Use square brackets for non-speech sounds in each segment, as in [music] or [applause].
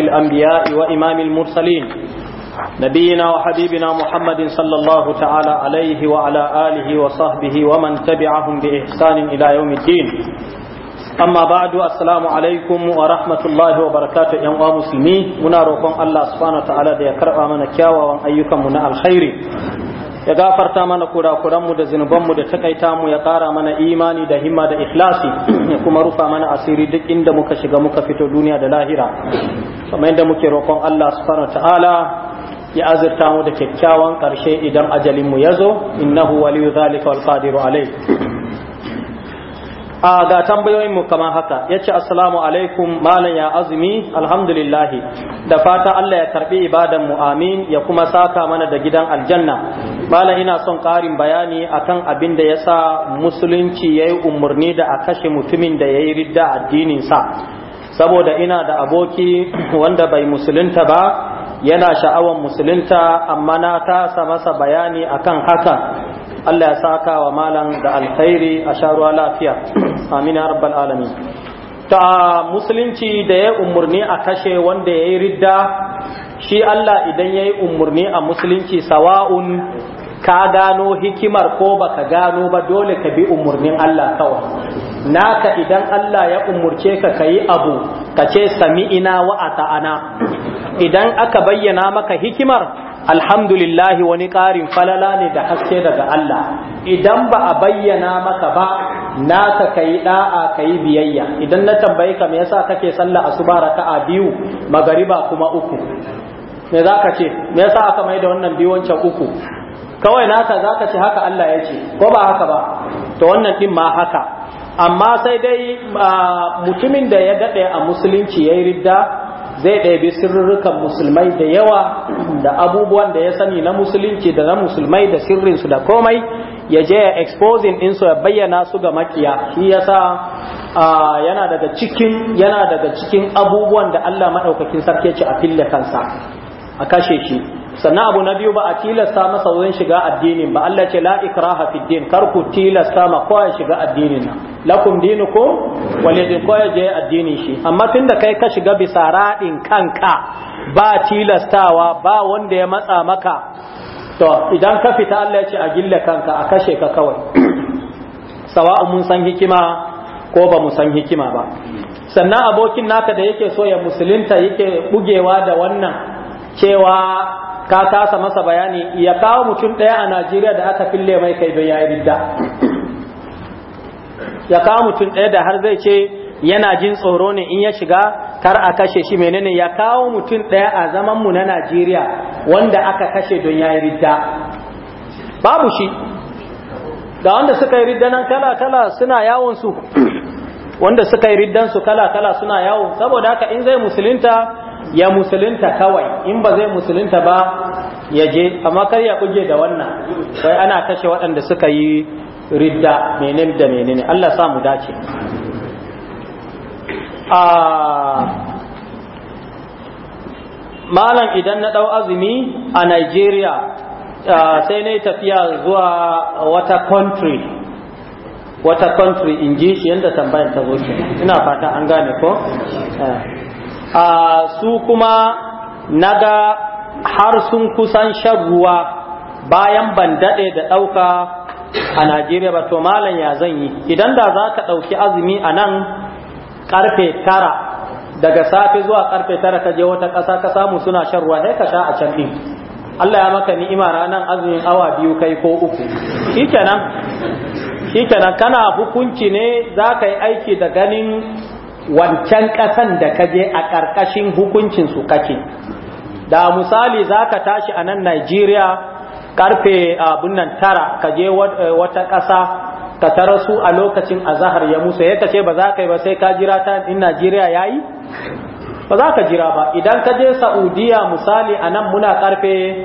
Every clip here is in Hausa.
أشرف الأنبياء وإمام المرسلين نبينا وحبيبنا محمد صلى الله تعالى عليه وعلى آله وصحبه ومن تبعهم بإحسان إلى يوم الدين amma ba'du assalamu alaikum wa rahmatullahi wa barakatu yan uwa musulmi muna rokon Allah subhanahu da ya karba mana kyawawan mu na alkhairi ya gafarta mana kurakuranmu da zunubanmu da takaita mu ya ƙara mana imani da himma da ikhlasi ya kuma rufa mana asiri duk inda muka shiga muka fito duniya da lahira kamar da muke roƙon Allah subhanahu ta'ala ya azurta mu da kyakkyawan ƙarshe idan ajalin mu yazo innahu waliyu zalika wal qadiru alayh a ga tambayoyin mu kamar haka yace assalamu alaikum malam ya azumi alhamdulillah da fata Allah ya karbi ibadan mu amin ya kuma saka mana da gidan aljanna malam ina son karin bayani akan abin da yasa musulunci yayi umarni da a kashe mutumin da yayi ridda addinin sa saboda ina da aboki wanda bai musulunta ba yana sha'awan musulunta amma na tasa masa bayani akan haka Allah ya saka wa malam da alkhairi a sharuwa lafiya amin rabbal alamin ta musulunci da ya umarni a kashe wanda ya yi ridda shi Allah idan ya yi umurni a musulunci sawa'un ka gano hikimar ko baka gano ba dole ka bi umarnin Allah kawai naka idan Allah ya umurce ka kayi abu ka ce sami ina wa ana, idan aka bayyana maka hikimar alhamdulillahi wani ƙarin falala ne da haske daga Allah idan ba a bayyana maka ba naka kayi da'a kayi biyayya idan na tambaye ka me yasa kake sallah asuba raka'a biyu magariba kuma uku me zaka ce me yasa aka maida wannan biyu wancan uku kawai naka zaka ce haka Allah ya ce ko ba haka ba to wannan din ma haka amma sai dai ah, mutumin da ya dade a musulunci yayi ridda zai ɗabi sirrukan musulmai da yawa da abubuwan da ya sani na musulunci da na musulmai da sirrinsu da komai ya je ya exposing su ya bayyana su ga makiya shi yasa yana daga cikin yana daga cikin abubuwan da Allah maɗaukakin sarki ya ce a fille kansa a kashe shi sannan abu na biyu ba a tilasta masa wurin shiga addinin ba Allah ce la ikraha fi din kar ku tilasta ma ya shiga addinin na lakum dinukum walidin kowa je addinin shi amma tunda kai ka shiga bisa radin kanka ba tilastawa ba wanda ya matsa maka to idan ka fita Allah ya ce a gilla kanka a kashe ka kawai [clears throat] sawa'un mun san hikima ko ba mu san hikima ba sannan abokin naka da yake so ya musulunta yake bugewa da wannan cewa ka kasa masa bayani ya kawo mutum ɗaya a najeriya da aka fille mai kai don yayi ridda ya kawo mutum ɗaya da har zai ce yana jin tsoro ne in ya shiga kar a kashe shi menene ya kawo mutum ɗaya a zaman mu na najeriya wanda aka kashe don yayi ridda babu shi da wanda suka yi ridda kala kala suna yawon su wanda suka yi riddan su kala kala suna yawo saboda haka in zai musulunta ya musulunta kawai in ba zai musulunta ba ya je amma kar ya kuje da wannan wai ana kashe waɗanda suka yi ridda menene da menene Allah sa mu dace ah, malam idan na ɗau azumi a Nigeria ah, sai na tafiya zuwa wata country wata country in ji shi yadda tambayar ta zo ina fata an gane ko ah. su kuma naga har sun kusan shan ruwa bayan ban daɗe da ɗauka a Najeriya ba to malam ya zan yi idan da za ka ɗauki azumi a nan ƙarfe tara daga safe zuwa ƙarfe tara ka je wata ƙasa ka samu suna shan ruwa sai ka sha a can ɗin Allah ya maka ni'ima ranar azumin awa biyu kai ko uku shikenan shikenan kana hukunci ne za ka yi aiki da ganin wancan ƙasan da ka je a ƙarƙashin hukuncinsu kake da misali za ka tashi a nan Najeriya karfe abin nan tara ka je eh, wata ƙasa ka tara su a lokacin azahar ya musu ya kace ba za ka yi ba sai ka jira ta in Najeriya ya yi? ba za ka jira ba idan ka je Saudiya misali a nan muna karfe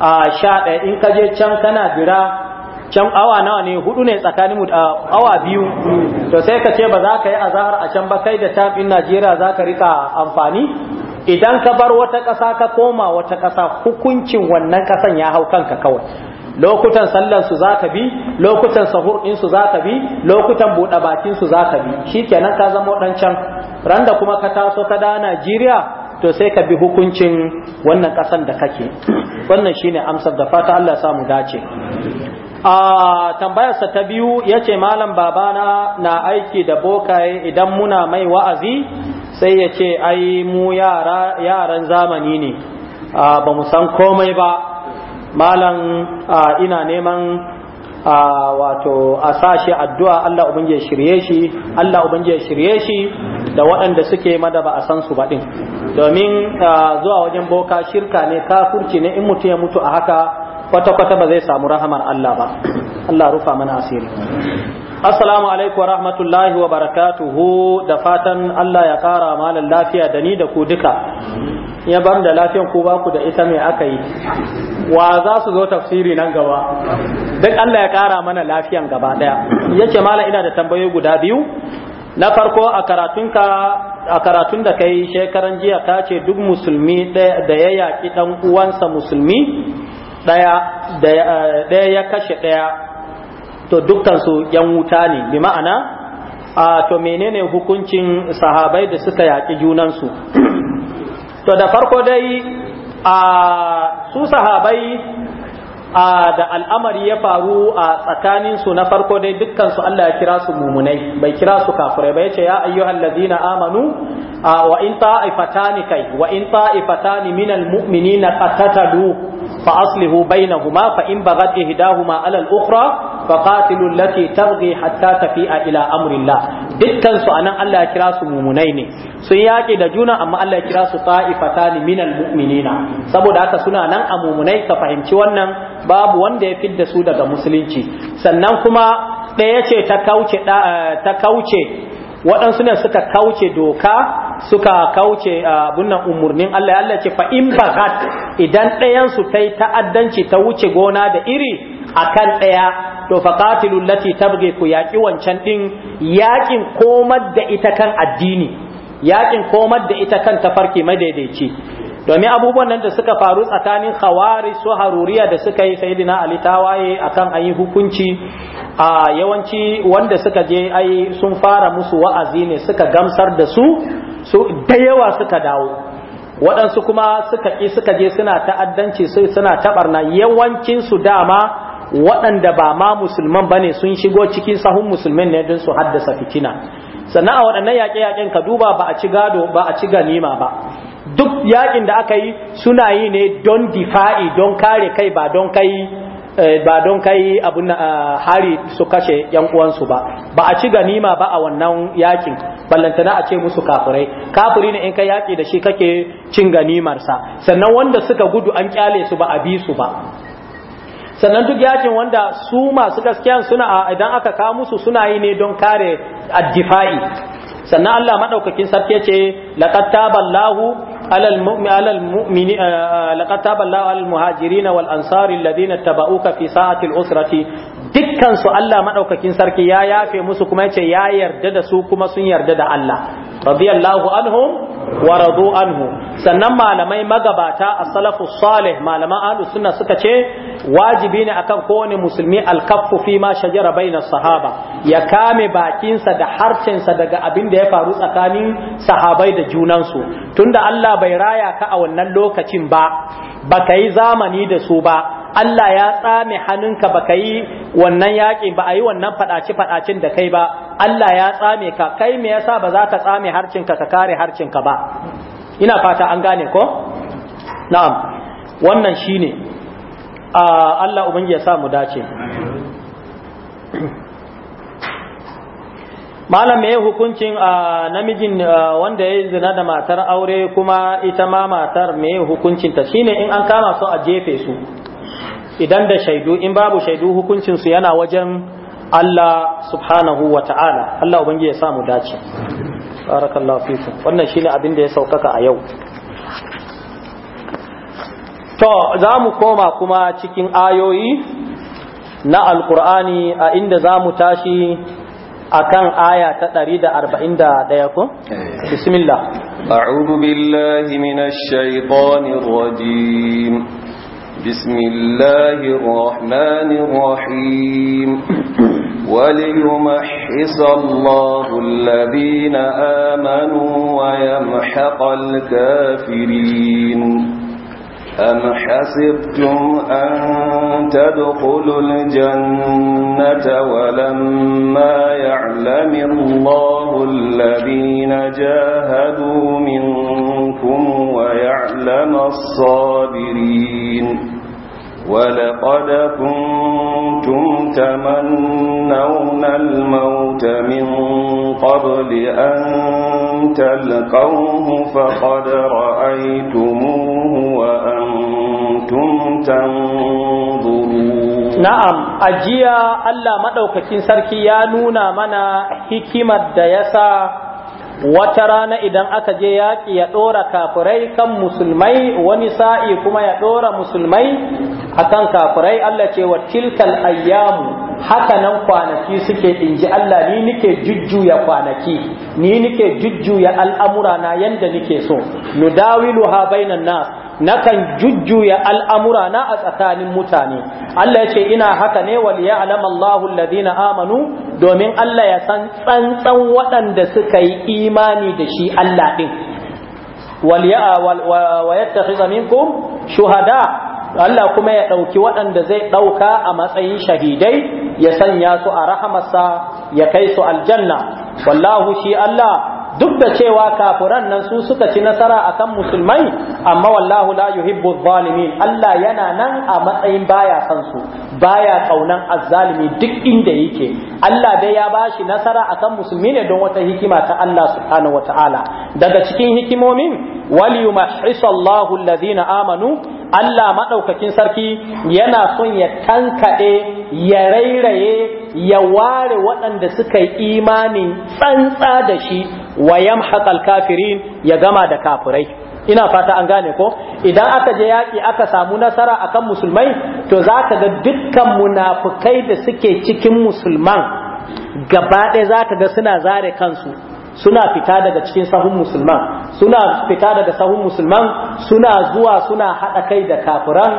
ah, sha ɗaya in ka je can kana jira can awa nawa ne hudu ne tsakanin mu awa biyu to sai ka ce ba za ka yi azahar a can ba kai da tam in Najeriya za ka rika amfani idan ka bar wata ƙasa ka koma wata ƙasa hukuncin wannan ƙasan ya hau kanka kawai lokutan sallan su za ka bi lokutan sahur din su za ka bi lokutan buɗe bakin su za ka bi shikenan ka zama can randa kuma ka taso ka da Najeriya to sai ka bi hukuncin wannan ƙasan da kake wannan shine amsar da fata Allah samu dace tambayarsa ta biyu ya ce malam babana na aiki da bokaye idan muna mai wa'azi sai ya ce ai mu yaran zamani ne ba mu san komai ba malam ina neman wato a sashi addu'a Allah ubangiji ya shirye shi Allah ubangiji shirye shi da waɗanda suke mada ba a san su din domin zuwa wajen boka shirka ne kafurci ne in mutu ya mutu a haka kwata-kwata ba zai samu rahamar Allah ba Allah rufa mana asiri assalamu alaikum wa rahmatullahi wa barakatuhu da fatan Allah ya kara malan lafiya da ni da ku duka ya bar da lafiyan ku baku da ita mai aka yi wa za su zo tafsiri nan gaba duk Allah ya kara mana lafiyan gaba daya yace malam ina da tambayoyi guda biyu na farko a karatunka a karatun da kai shekaran jiya ta ce duk musulmi da ya yaƙi ɗan uwansa musulmi ɗaya eh, ya kashe ɗaya to su yan wuta ne bi ma'ana a to menene hukuncin sahabai da suka yaƙi junansu [clears throat] to da farko dai a su sahabai da al'amari ya faru a tsakaninsu na farko dai dukkansu Allah ya kira su mumunai bai kira su kafirai ba yace ya ayyuhal ladina amanu wa in ta'ifatani kai wa in ta'ifatani minal mu'minina qatatalu fa aslihu bainahuma fa in bagat ihdahuma ala al-ukhra فقاتلوا التي تبغي حتى تفيء الى امر الله dukkan su anan Allah ya kira su mumunai ne sun yaƙi da juna amma Allah ya kira su ta'ifatani minal mu'minina saboda haka suna nan a mumunai ka fahimci wannan babu wanda ya fidda su daga musulunci sannan kuma ɗaya ce ta kauce eh, ta kauce waɗansu ne suka kauce doka suka kauce eh, abun nan umurnin Allah Allah ce fa in idan ɗayan su ta yi ta'addanci ta wuce gona da iri akan ɗaya to faqatilu allati tabghi ku yaƙi wancan din yaƙin komar da ita kan addini yaƙin komar da ita kan tafarki mai madaidaici domin abubuwan nan da suka faru tsakanin khawari su haruriya da suka yi sayyidina ali tawaye akan ayi hukunci a yawanci wanda suka je ai sun fara musu wa'azi ne suka gamsar da su su da yawa suka dawo waɗansu kuma suka ƙi suka je suna ta'addanci suna taɓarna yawancin su dama waɗanda ba ma musulman bane sun shigo cikin sahun musulmin ne don su haddasa fitina sannan a waɗannan yaƙe-yaƙen ka duba ba a ci gado ba a ci ganima ba duk yaƙin da aka yi suna yi ne don difa'i don kare kai ba don kai eh, ba don kai abun eh, hari su kashe yan uwansu ba ba a ci ganima ba a wannan yakin ballantana a ce musu kafirai kafiri ne in kai yaki da shi kake cin ganimarsa sannan wanda suka gudu an kyale su ba a bi su ba sannan duk yakin wanda su masu gaskiyan suna idan aka kawo musu suna yi ne don kare addifa'i sannan Allah madaukakin sarki ce laqad taballahu alal mu'min alal mu'mini eh, eh, laqad taballahu alal muhajirin wal ansari alladhina tabauka fi sa'ati al-usrati dukkansu Allah maɗaukakin sarki ya yafe musu kuma yace ya yarda da su kuma sun yarda da Allah radiyallahu anhum wa radu anhu sannan malamai magabata as-salafu salih malaman ahlus sunna suka ce wajibi ne akan kowane musulmi al-kaffu fi ma shajara baina sahaba ya kame bakinsa da sa daga abin da ya faru tsakanin sahabai da junansu tunda Allah bai raya ka a wannan lokacin ba baka yi zamani da su ba Allah ya tsame hannunka baka yi wannan yaƙi ba a yi wannan faɗace-faɗacen da kai ba Allah ya tsame ka kai me yasa ba za ka tsame harcinka ka kare harcinka ba ina fata an gane ko na'am wannan shine Allah ubangi ya sa mu dace malam me hukuncin namijin wanda ya zina da matar aure kuma ita ma matar me hukuncin ta shine in an kama su a jefe su idan da shaidu in babu shaidu hukuncin su yana wajen Allah subhanahu wa ta'ala Allah ubangiji ya samu dace barakallahu fikum wannan shine abin da ya saukaka a yau to za mu koma kuma cikin ayoyi na alkur'ani a inda za mu tashi akan aya ta 141 ko eh. bismillah أعوذ بالله من الشيطان الرجيم بسم الله الرحمن الرحيم وليمحص الله الذين آمنوا ويمحق الكافرين أم حسبتم أن تدخلوا الجنة ولما يعلم الله الذين جاهدوا منكم ويعلم الصابرين ولقد كنتم تمنون الموت من قبل أن تلقوه فقد رأيتموه وأنتم تنظرون نعم أجيا ألا مدوككين سركي يا منا حكمة ديسا wata rana idan aka je yaƙi ya ɗora kafirai kan musulmai wani sa'i kuma ya ɗora musulmai akan kafirai Allah ce wa tilkal ayyamu haka nan kwanaki suke inji Allah ni nike jujjuya kwanaki ni nike jujjuya al'amura na yanda nike so nudawiluha bainan nas nakan jujjuya al'amura na a tsakanin mutane. Allah ce, Ina haka ne wal ya'alama Allahun ladina amanu domin Allah ya san tsantsan waɗanda suka yi imani da shi Allah ɗin wa yattakhidha minkum shuhada Allah kuma ya ɗauki waɗanda zai ɗauka a matsayin shahidai ya sanya su a rahamarsa ya kai su aljanna wallahu shi Allah duk da cewa kafiran nan su suka ci nasara akan musulmai amma wallahu la yuhibbu zalimin Allah yana nan a matsayin baya san su baya kaunan azzalimi duk inda yake Allah dai ya bashi nasara akan musulmi ne don wata hikima ta Allah subhanahu wataala daga cikin hikimomin waliyumahhisa Allahu alladhina amanu Allah maɗaukakin sarki yana son ya tankade, ya rairaye, ya ware waɗanda suka yi imanin tsantsa da shi wa yamhaqal kafirin ya gama da kafirai ina fata an gane ko idan aka je yaƙi aka samu nasara akan musulmai to za ka ga dukkan munafukai da suke cikin musulman gaba ɗaya za ka ga suna zare kansu suna fita daga cikin sahun musulman suna fita daga sahun musulman suna zuwa suna haɗa kai da kafiran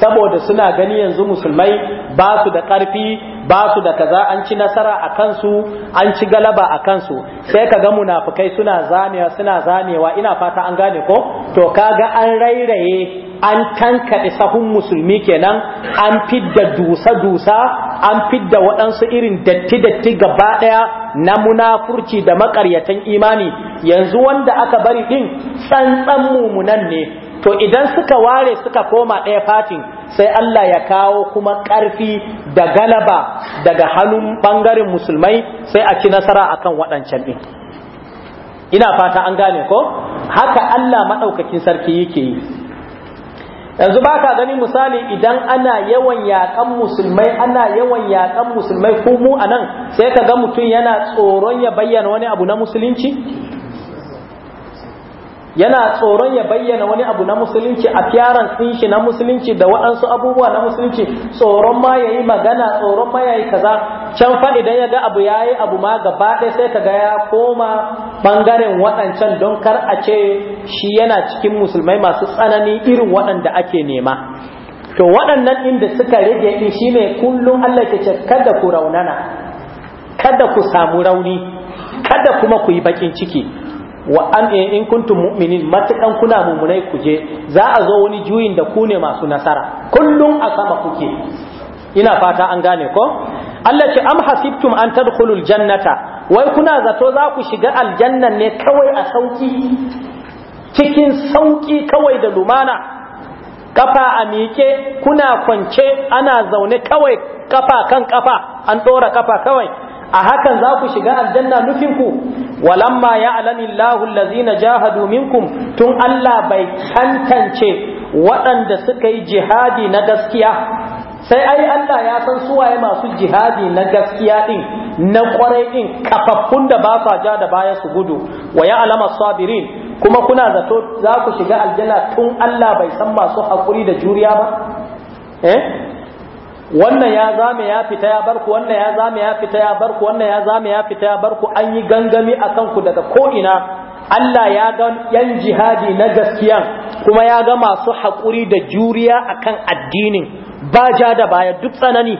saboda suna gani yanzu musulmai ba su da ƙarfi ba su da kaza an ci nasara a kansu an ci galaba a kansu sai kaga munafukai suna zanewa suna zanewa ina fata an gane ko to kaga an rairaye an tankaɗe sahun musulmi kenan an fidda dusa-dusa an fidda waɗansu irin datti-datti gaba ɗaya na munafurci da makaryatan imani yanzu wanda aka bari ɗin tsantsan mumunan ne to idan suka ware suka koma ɗaya fatin sai Allah ya kawo kuma ƙarfi da galaba daga hannun ɓangaren musulmai sai a ci nasara akan waɗancan ɗin ina fata an gane ko haka Allah maɗaukakin sarki yake yi yanzu ba ka gani misali idan ana yawan yakan musulmai ana yawan yakan musulmai ko mu a sai ka ga mutum yana tsoron ya bayyana wani abu na musulunci yana tsoron ya bayyana wani abu na musulunci a fiyaran ɗin shi na musulunci da waɗansu abubuwa na musulunci tsoron ma ya yi magana tsoron ma ya yi kaza can faɗi don ya ga abu ya yi abu ma gaba ɗaya sai ka ga ya koma ɓangaren waɗancan don kar a ce shi yana cikin musulmai masu tsanani irin waɗanda ake nema to waɗannan inda suka rage in shi ne kullum Allah ke ce kada ku raunana kada ku samu rauni kada kuma ku yi baƙin ciki wa an in kuntum mu'minin matakan kuna mumunai kuje za a zo wani juyin da ku ne masu nasara kullum a sama kuke ina fata an gane ko Allah ce am hasibtum an tadkhulul jannata wai kuna zato za ku shiga aljanna ne kawai a sauki cikin sauki kawai da lumana kafa a mike kuna kwance ana zaune kawai kafa kan kafa an ɗora kafa kawai a hakan za ku shiga aljanna nufinku walamma ya Allahu allazina jahadu minkum tun Allah bai tantance waɗanda suka yi jihadi na gaskiya sai ai Allah ya san suwaye masu jihadi na gaskiya din na kwarai din kafaffun da ba sa ja da baya su gudu wa alama sabirin kuma kuna zato za ku shiga aljanna tun Allah bai san masu hakuri da juriya ba eh wannan ya zame ya fita ya barku wannan ya zame ya fita ya barku wannan ya zame ya fita ya barku an yi gangami a kanku daga ko'ina Allah ya ga yan jihadi na gaskiya kuma ya ga masu haƙuri da juriya akan addinin ba ja da baya duk tsanani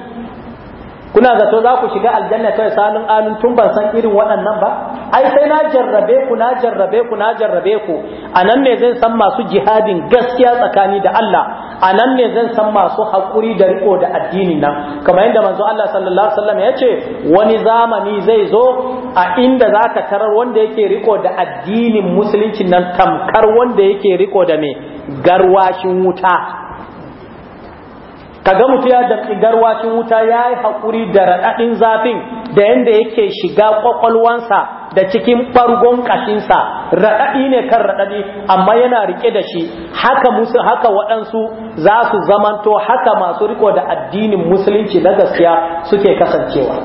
kuna zato za ku shiga aljanna kai salin alun tun ban san irin waɗannan ba ai sai na jarrabe ku na jarrabe ku na jarrabe ku anan ne zan san masu jihadin gaskiya tsakani da Allah anan ne zan san masu hakuri da riko da addini nan kamar yadda manzo Allah sallallahu alaihi wasallam ya ce wani zamani zai zo a inda zaka tarar wanda yake riko da addinin musulunci nan tamkar wanda yake riko da me garwashin wuta kaga mutu ya damƙi garwacin wuta ya yi haƙuri da raɗaɗin zafin da yadda yake shiga ƙwaƙwalwansa da cikin ɓargon ƙashinsa raɗaɗi ne kan raɗaɗi amma yana riƙe da shi haka musu haka waɗansu za su zamanto haka masu riko da addinin musulunci na gaskiya suke kasancewa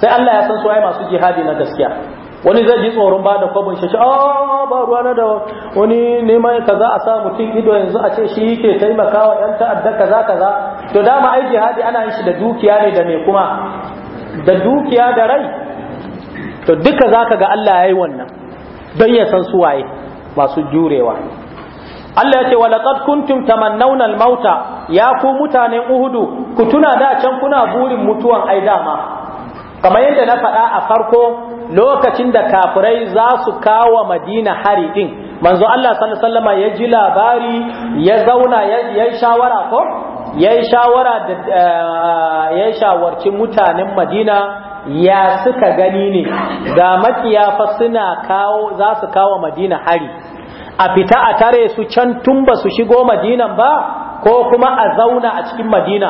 sai Allah ya san suwaye masu jihadi na gaskiya wani zai ji tsoron ba da kwabin shi a ba ruwa na da wani neman kaza a sa mutum ido yanzu a ce shi ke taimakawa yan ta'adda kaza kaza to dama ai jihadi ana yin shi da dukiya ne da me kuma da dukiya da rai to duka za ka ga Allah ya yi wannan don ya san su waye masu jurewa Allah ya ce wa laqad kuntum tamannawna mauta ya ku mutanen Uhudu ku tuna da can kuna burin mutuwan ai dama kamar yadda na faɗa a farko lokacin da kafirai za su kawo Madina hari ɗin, manzo Allah sallallahu ya ji labari ya zauna ya shawara ko ya yi shawara da eh, ya shawarci mutanen madina ya suka gani ne ga makiyafa fa suna kawo za su kawo madina hari a fita a tare su can tun ba su shigo madinan ba ko kuma a zauna a cikin madina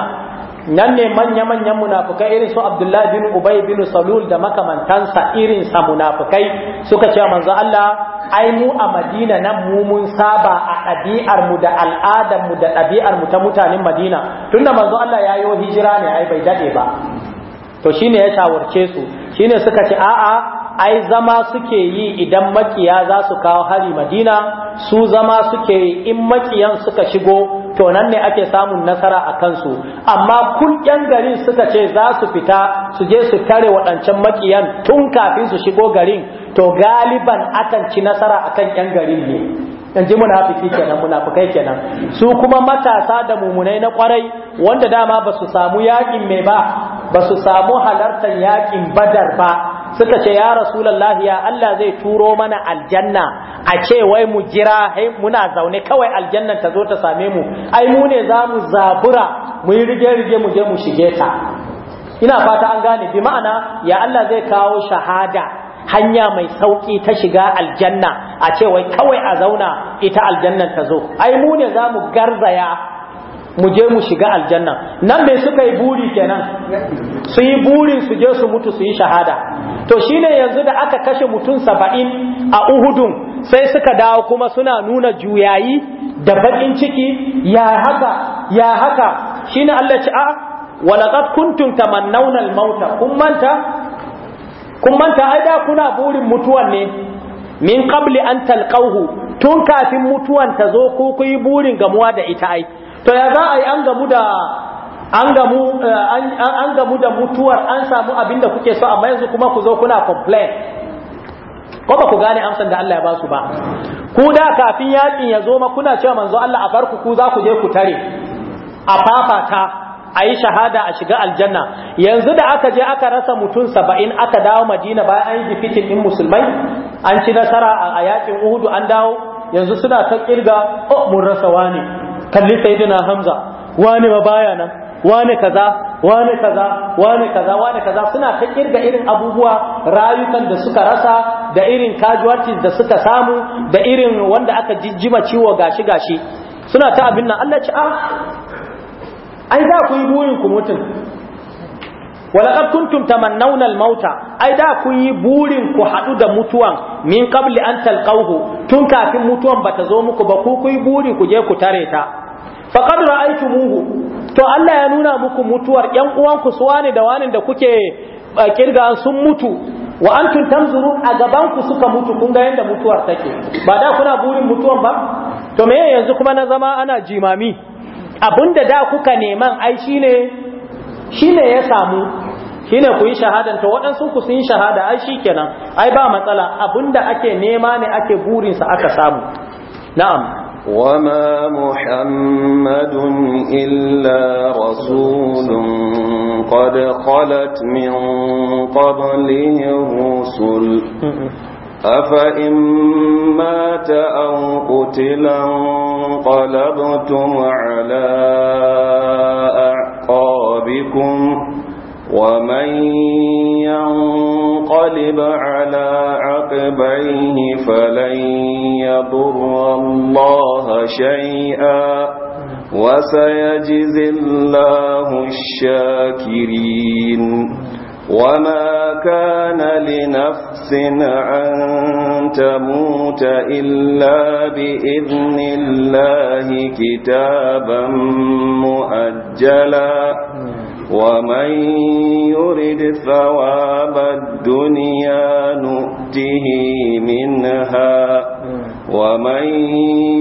nan ne manya-manyan munafukai irin su abdullahi bin ubay bin salul da makamantansa irin sa munafukai suka ce manzo Allah ai mu a madina nan mu mun saba a ɗabi'ar mu da al'adar da ɗabi'ar mu ta mutanen madina tunda manzo Allah ya yi hijira ne ai bai dade ba to shi ne ya shawarce su shi ne suka ce a'a ai zama suke yi idan makiya za su kawo hari madina su zama suke yi in makiyan suka shigo to nan ne ake samun nasara a kansu amma kun yan garin suka ce za su fita su je su kare waɗancan makiyan tun kafin su shigo garin to galiban akan ci nasara akan yan garin ne in ji munafiki kenan munafikai kenan su kuma matasa da mumunai na kwarai wanda dama basu samu yakin mai ba basu samu halartar yakin badar ba suka ce ya rasulullahi ya Allah zai turo mana aljanna a ce wai mu jira muna zaune kawai aljannan ta zo ta same mu ai mu ne za mu zabura mu yi rige-rige mu je mu shige ta ina fata an gane bi ma'ana ya Allah zai kawo shahada hanya mai sauki ta shiga aljanna a ce wai kawai a zauna ita aljannan ta zo ai mu ne za mu garzaya mu je mu shiga aljanna nan me suka yi buri kenan su yi burin su je su mutu su yi shahada to shine yanzu da aka kashe mutum saba'in a uhudun sai suka dawo kuma suna nuna juyayi da bakin ciki ya haka ya haka shine Allah ce a laqad kuntum tamannawna al-mauta kun manta kun manta ai da kuna burin mutuwan ne min qabli an talqahu tun kafin mutuwan ta zo ko ku yi burin gamuwa da ita ai to ya za a yi an gamu da an gamu eh, an gamu da mutuwar an samu abin kuke so amma yanzu kuma ku zo kuna complain ko ba ku gane amsan da Allah ya ba su ba ku da kafin yakin ya zo ma kuna cewa manzo Allah a barku ku za ku je ku tare a fafata a yi shahada a shiga aljanna yanzu da aka je aka rasa mutum saba'in aka dawo madina bayan an yi difitin ɗin musulmai an ci nasara a yakin uhudu an dawo yanzu suna ta kirga oh, mun rasa wani kalli sayyidina hamza wani ma baya nan wani kaza wani kaza wani kaza wani kaza suna ta kirga irin abubuwa rayukan da suka rasa da irin kajuwarci da suka samu da irin wanda aka jijjima ciwo gashi gashi suna ta abin nan Allah ci a ah, ai da ku yi burin ku mutum walaƙar kuntum tamannaunar mauta ai da ku yi burin ku haɗu da mutuwan min kabli an talqahu tun kafin mutuwan bata zo muku ba ku ku yi buri ku je ku tare ta faƙad ra'aitu muhu to Allah ya nuna muku mutuwar yan uwanku su wani da wanin da kuke kirga sun mutu wa antum tanzuru a gabanku suka mutu kun ga yanda mutuwar take ba da kuna burin mutuwan ba to me yanzu kuma na zama ana jimami abinda da kuka neman ai shine shine ya samu shine ku yi shahadan to waɗansu ku sun shahada ai shi kenan, ai ba matsala abinda ake nema ne ake burin sa aka samu na'am وما illa rasulun رسول قد خلت من قبله الرسل أفإن مات أو قتلا انقلبتم على أعقابكم ومن ينقلب على عقبيه فلن يضر الله شيئا وسيجزي الله الشاكرين وما كان لنفس أن تموت إلا بإذن الله كتابا مؤجلا ومن يرد ثواب الدنيا نؤته منها ومن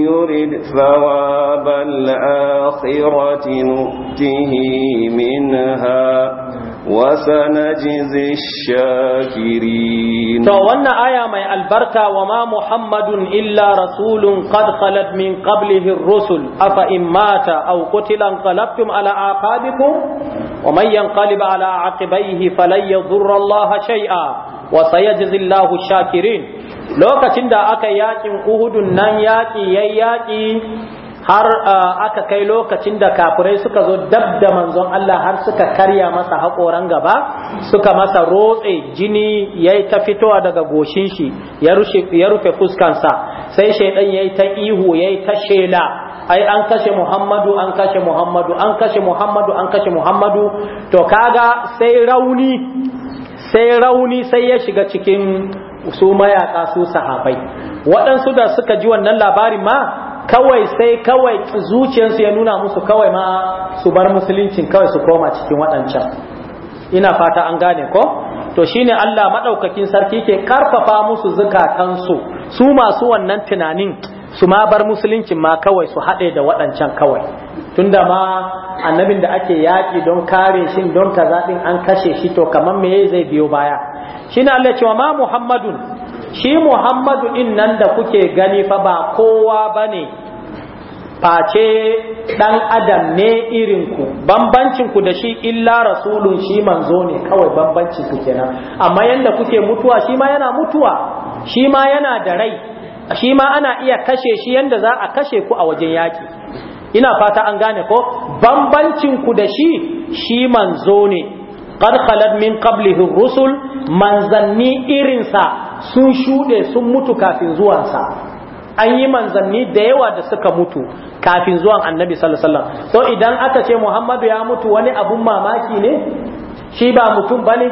يرد ثواب الآخرة نؤته منها وسنجزي الشاكرين تو wannan aya mai albarta wa ma muhammadun illa rasulun qad khalat min qablihi rusul afa in mata aw qutila qalabtum ala aqabikum wa man yanqalib ala aqibaihi falan yadhurra Allah shay'a wa sayajzi Allahu shakirin lokacin da aka yakin uhudun nan yaki yayyaki har uh, aka kai lokacin da kafirai suka zo dab da manzon Allah har suka karya masa haƙoran gaba suka masa rotse jini ya yi ta fitowa daga goshin shi ya rufe fuskansa sai shaidan ya yi ta ihu ya yi ta shela ai an kashe muhammadu an kashe muhammadu an kashe muhammadu an kashe muhammadu to kaga sai rauni sai rauni sai ya shiga cikin su mayaka su sahabai waɗansu da suka ji wannan labarin ma kawai sai kawai zuciyarsu ya nuna musu kawai ma su bar musuluncin kawai su koma cikin waɗancan ina fata an gane ko to shine Allah maɗaukakin sarki ke karfafa musu zukatansu su masu wannan tunanin su ma bar musuluncin ma kawai su haɗe da waɗancan kawai tunda ma annabin da ake yaƙi don kare shi don kaza ɗin an kashe shi to kamar me zai biyo baya shine Allah cewa ma Muhammadun shi Muhammadu din nan da kuke gani fa ba kowa bane face ɗan adam ne irinku bambancinku da shi illa rasulun shi manzo ne kawai ke nan. amma yadda kuke mutuwa shi ma yana mutuwa shi ma yana da rai shi ma ana iya kashe shi yadda za a kashe ku a wajen yaki ina fata an gane ko bambancinku da shi shi manzo ne qad kalad min qablihi rusul manzanni irinsa sun shuɗe sun mutu kafin zuwansa an yi manzanni da yawa da suka mutu kafin zuwan annabi sallallahu alaihi so idan aka ce muhammadu ya mutu wani abun mamaki ne shi ba mutum ne?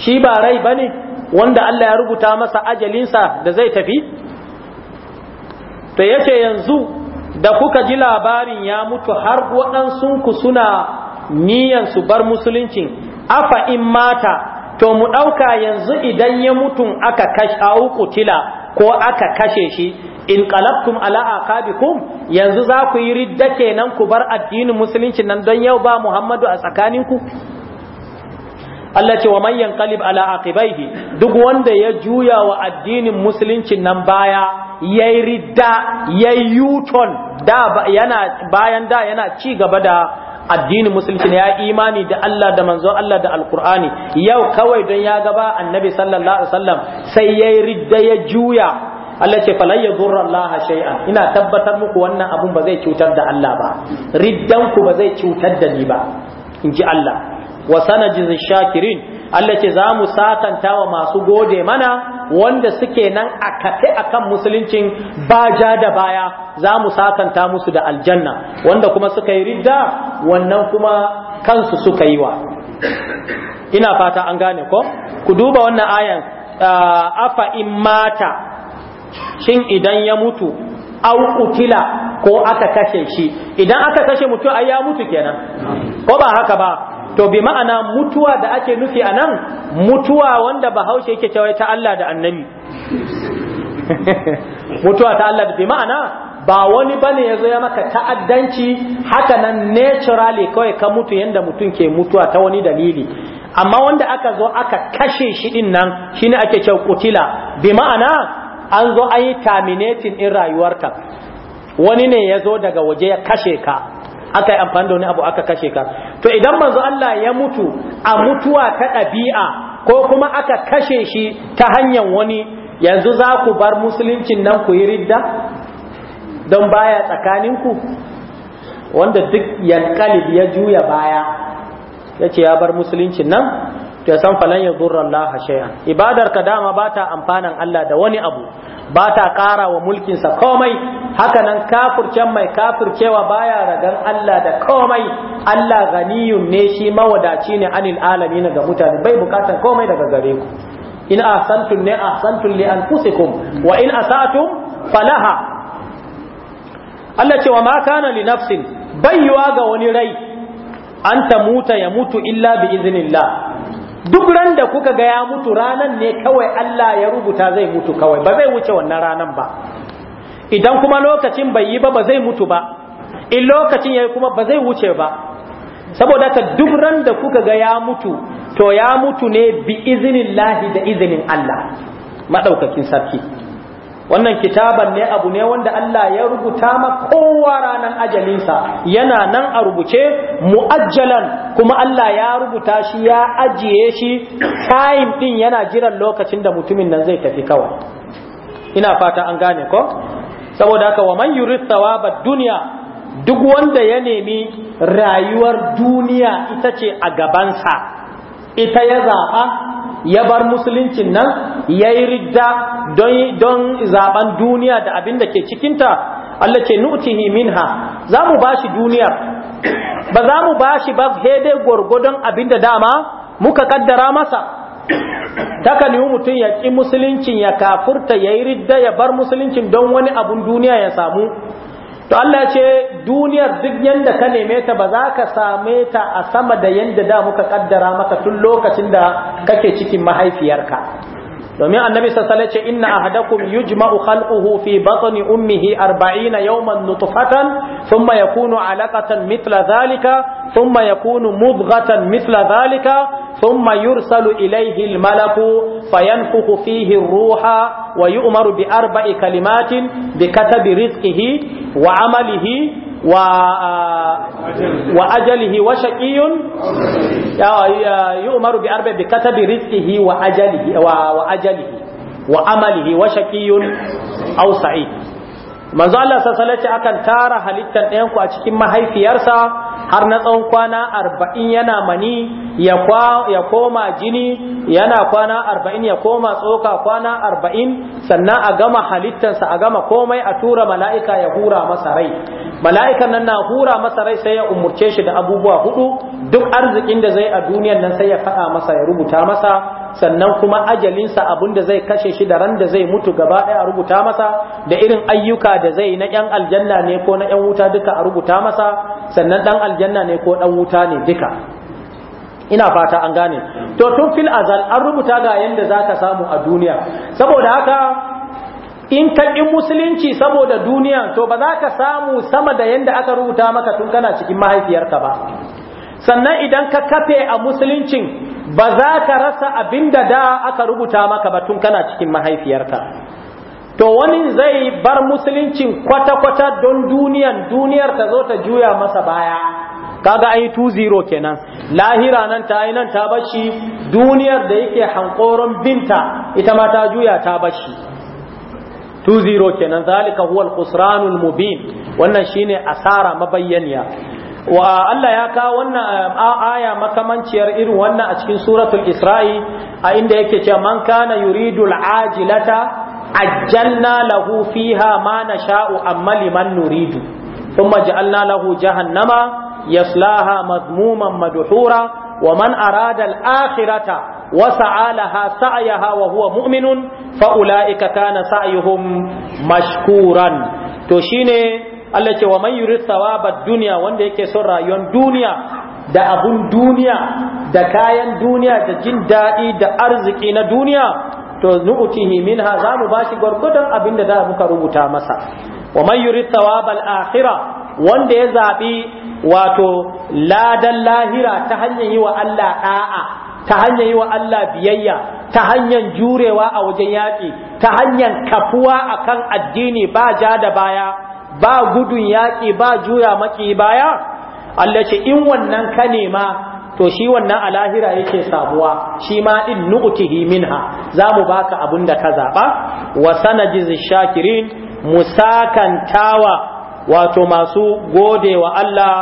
shi ba rai bane wanda Allah ya rubuta masa ajalinsa da zai tafi to yace yanzu da kuka ji labarin ya mutu har waɗansu ku suna niyan su bar musuluncin afa in mata to mu ɗauka yanzu idan ya mutun aka kashe uku Tila ko aka kashe shi in qalabtum ala aqabikum yanzu za ku yi ridda kenan ku bar addinin musulunci nan don yau ba Muhammadu a tsakaninku Allah ce wa man yanqalib ala aqibaihi duk wanda ya juya wa addinin musulunci nan baya yayi ridda yayi yuton da yana bayan da yana ci gaba da addinin musulunci ne ya imani da Allah da manzon Allah da alkur'ani yau kawai don ya gaba annabi sallallahu alaihi wasallam sai yayi ridda ya juya Allah ce falan ya zurra Allah shay'an ina tabbatar muku wannan abun ba zai cutar da Allah ba riddan ku ba zai cutar da ni ba in ji Allah wa sanajin shakirin Allah ce za mu satanta wa masu gode mana wanda suke nan a kafe kan musuluncin baja da baya za mu sakanta musu da aljanna wanda kuma suka yi ridda wannan kuma kansu suka yi wa ina fata an gane ko ku duba wannan ayan ah, afa in mata shin idan ya mutu au kutila ko aka kashe shi idan aka kashe mutu ai ya mutu kenan ko ba haka ba to bi ma'ana mutuwa da ake nufi a nan mutuwa wanda bahaushe yake cewa ta Allah da annabi [laughs] mutuwa ta Allah bi ma'ana ba wani bane ya zo ya maka ta'addanci haka nan naturally kawai ka mutu yanda mutum ke mutuwa ta wani dalili amma wanda aka zo aka kashe shi din nan ne ake cewa kutila bi ma'ana an zo an yi terminating in rayuwarka wani ne ya zo daga waje ya kashe ka aka yi amfani da wani abu aka kashe ka to idan manzo Allah ya mutu a mutuwa ta ɗabi'a ko kuma aka kashe shi ta hanyar wani yanzu za ku bar musuluncin nan ku yi ridda don baya tsakaninku wanda duk yankalib ya juya baya ya ce ya bar musuluncin nan to ya san falan ya zurra Allah shay'an ibadar ka dama ba ta amfanan Allah da wani abu ba ta ƙara wa mulkinsa komai hakanan nan mai kafircewa baya ragan Allah da komai Allah ganiyun ne shi mawadaci ne anil alami ga mutane bai bukatar komai daga gare ku in ahsantum ne ahsantum li anfusikum wa in asatum falaha Allah ce wa ma kana li nafsin bayyuwa ga wani rai an ta muta ya mutu illa bi iznillah duk ran da kuka ga ya mutu ranan ne kawai Allah ya rubuta zai mutu kawai ba zai wuce wannan ranan ba idan kuma lokacin bai yi ba ba zai mutu ba in lokacin yayi kuma ba zai wuce ba saboda ka duk ran da kuka ga ya mutu to ya mutu ne bi izinin da izinin Allah madaukakin sarki wannan kitaban ne abu ne wanda Allah ya rubuta ma kowa ranar ajalinsa yana nan a rubuce mu'ajjalan kuma Allah ya rubuta shi ya ajiye shi time din yana jiran lokacin da mutumin nan zai tafi kawai ina fata an gane ko saboda haka wa man yurid thawaba dunya duk wanda ya nemi rayuwar duniya ita ce a gabansa ita ya zaba ya bar musuluncin nan ya yi ridda don zaben duniya da abin da ke cikinta Allah ce nu'tihi minha za mu bashi duniyar ba za mu bashi ba hede gwargwadon abin da dama muka kaddara masa taka ne mutum ya ƙi musuluncin ya kafurta ya yi ridda ya bar musuluncin don wani abun duniya ya samu to Allah ce duniyar duk yanda ka neme ta ba za ka same ta a sama da yadda da muka kaddara maka tun lokacin da kake cikin mahaifiyarka domin annabi sassale ce inna ahadakum yujma'u khalquhu fi batni ummihi 40 yawman nutfatan thumma yakunu 'alaqatan mithla dhalika thumma yakunu mudghatan mithla dhalika thumma yursalu ilayhi al-malaku fayanfukhu fihi ar-ruha wa yu'maru bi arba'i kalimatin bi katabi rizqihi wa 'amalihi wa ajalihi wa shaqiyun yu'maru bi arba bi katabi rizqihi wa ajalihi wa ajalihi wa amalihi wa shaqiyun aw sa'id manzo Allah sallallahu akan tara halittar ɗayan a cikin mahaifiyarsa har na tsawon kwana arba'in yana mani ya koma jini yana kwana arba'in ya koma tsoka kwana arba'in sannan a gama halittansa a gama komai a tura mala'ika ya hura masa rai mala'ikan nan na hura masa rai sai ya umurce shi da abubuwa hudu duk arzikin da zai a duniyan nan sai ya faɗa masa ya rubuta masa sannan kuma ajalinsa abun da zai kashe shi da ran da zai mutu gaba ɗaya a rubuta masa da irin ayyuka da zai na yan aljanna ne ko na yan wuta duka a rubuta masa sannan ɗan aljanna ne ko ɗan wuta ne duka ina fata an gane to tun fil azal an rubuta ga yanda ka samu a duniya saboda haka in ka musulunci saboda duniya to ba za ka samu sama da yanda aka rubuta maka tun kana cikin mahaifiyarka ba sannan idan ka kafe a musuluncin ba za ka rasa abin da da aka rubuta maka ba tun kana cikin mahaifiyarka to wani zai bar musuluncin kwata-kwata don duniyan duniyar ta zo ta juya masa baya kaga yi 2-0 kenan lahira nan ta yi nan ta bashi duniyar da yake hankoron binta ita ma ta juya ta bashi 2-0 kenan zalika huwal khusranul mubin wannan shine asara mabayyaniya wa Allah ya kawo wannan aya makamanciyar irin wannan a cikin suratul Isra'i a inda yake cewa man kana yuridul ajilata ajjalna lahu fiha ma nasha'u amma liman nuridu thumma ja'alna lahu jahannama yaslaha madmuman madhura wa man arada al-akhirata wa sa'alaha sa'yaha wa huwa mu'minun fa ulaika kana sa'yuhum mashkuran to shine Allah ce wa man yurid thawabad dunya wanda yake son rayuwar duniya da abun duniya da kayan duniya da jin daɗi da arziki na duniya to nu'tihi minha za mu bashi gurgudan abin da za muka rubuta masa wa man yurid thawabal akhirah wanda ya zabi wato ladan lahira ta hanyar yi wa Allah da'a ta hanyar yi wa Allah biyayya ta hanyar jurewa a wajen yaƙi ta hanyar kafuwa akan addini ba ja da baya ba gudun yaƙi ba juya maki baya Allah ce in wannan ka nema to shi wannan Alahira yake sabuwa shi ma in nu'tihi minha za mu baka abin da ka zaɓa wa sanajiz shakirin musakantawa wato masu gode wa Allah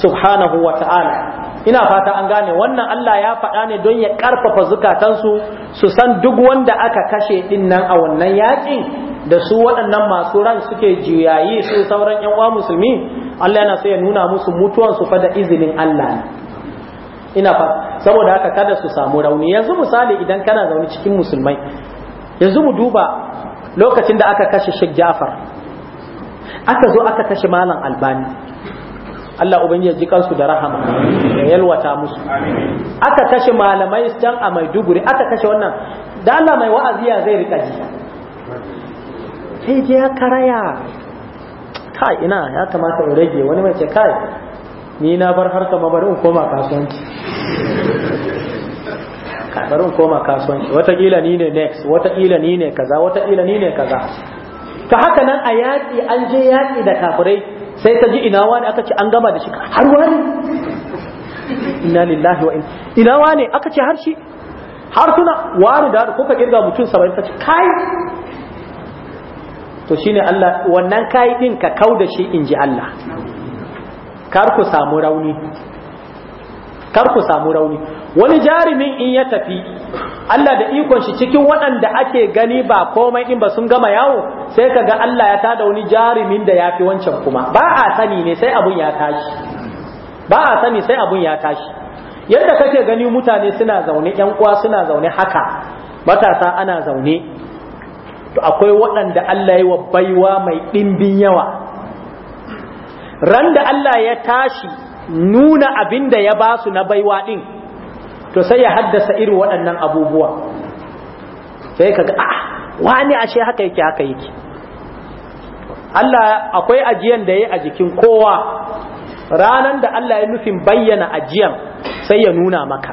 subhanahu wa ta'ala ina fata an gane wannan Allah ya faɗa ne don ya ƙarfafa zukatansu su san duk wanda aka kashe ɗin nan a wannan yaƙin da su waɗannan masu ran suke juyayi su sauran ƴan uwa musulmi Allah yana so ya nuna musu mutuwan su fa da izinin Allah ina fa saboda haka kada su samu rauni yanzu misali idan kana zaune cikin musulmai yanzu mu duba lokacin da aka kashe Sheikh Ja'far aka zo aka kashe Malam Albani Allah ubangiji ji kansu da rahama ya yalwata musu aka kashe malamai can a Maiduguri aka kashe wannan da Allah mai wa'azi ya zai rika ji sai je ya karaya kai ina ya kamata in rage wani mai ce kai ni na bar harka ma bari in koma kasuwanci bari in koma kasuwanci kila ni ne next kila ni ne kaza kila ni ne kaza ta haka nan a yaƙi an je yaƙi da kafirai sai ta ji ina wani aka ce an gama da shi har wani ina lillahi wa ina wani aka ce har shi har tuna wani da ko ka kirga mutum saba'in ka ce kai to shine Allah wannan kai din ka kau da shi in ji Allah kar ku samu rauni kar ku samu rauni wani jarumin in ya tafi Allah da ikon shi cikin waɗanda ake gani ba komai in ba sun gama yawo sai kaga Allah ya tada wani jarumin da ya fi wancan kuma ba a sani ne sai abun ya tashi ba a sani sai abun ya tashi yadda kake gani mutane suna zaune yan uwa suna zaune haka matasa ana zaune to akwai waɗanda Allah ya wa baiwa mai ɗimbin yawa ran da Allah ya tashi nuna abin da ya basu na baiwa ɗin to sai ya haddasa irin waɗannan abubuwa sai ka ga a ah, wani ashe haka yake haka yake Allah akwai ajiyan da ya yi a jikin kowa ranan da Allah ya nufin bayyana ajiyan sai ya nuna maka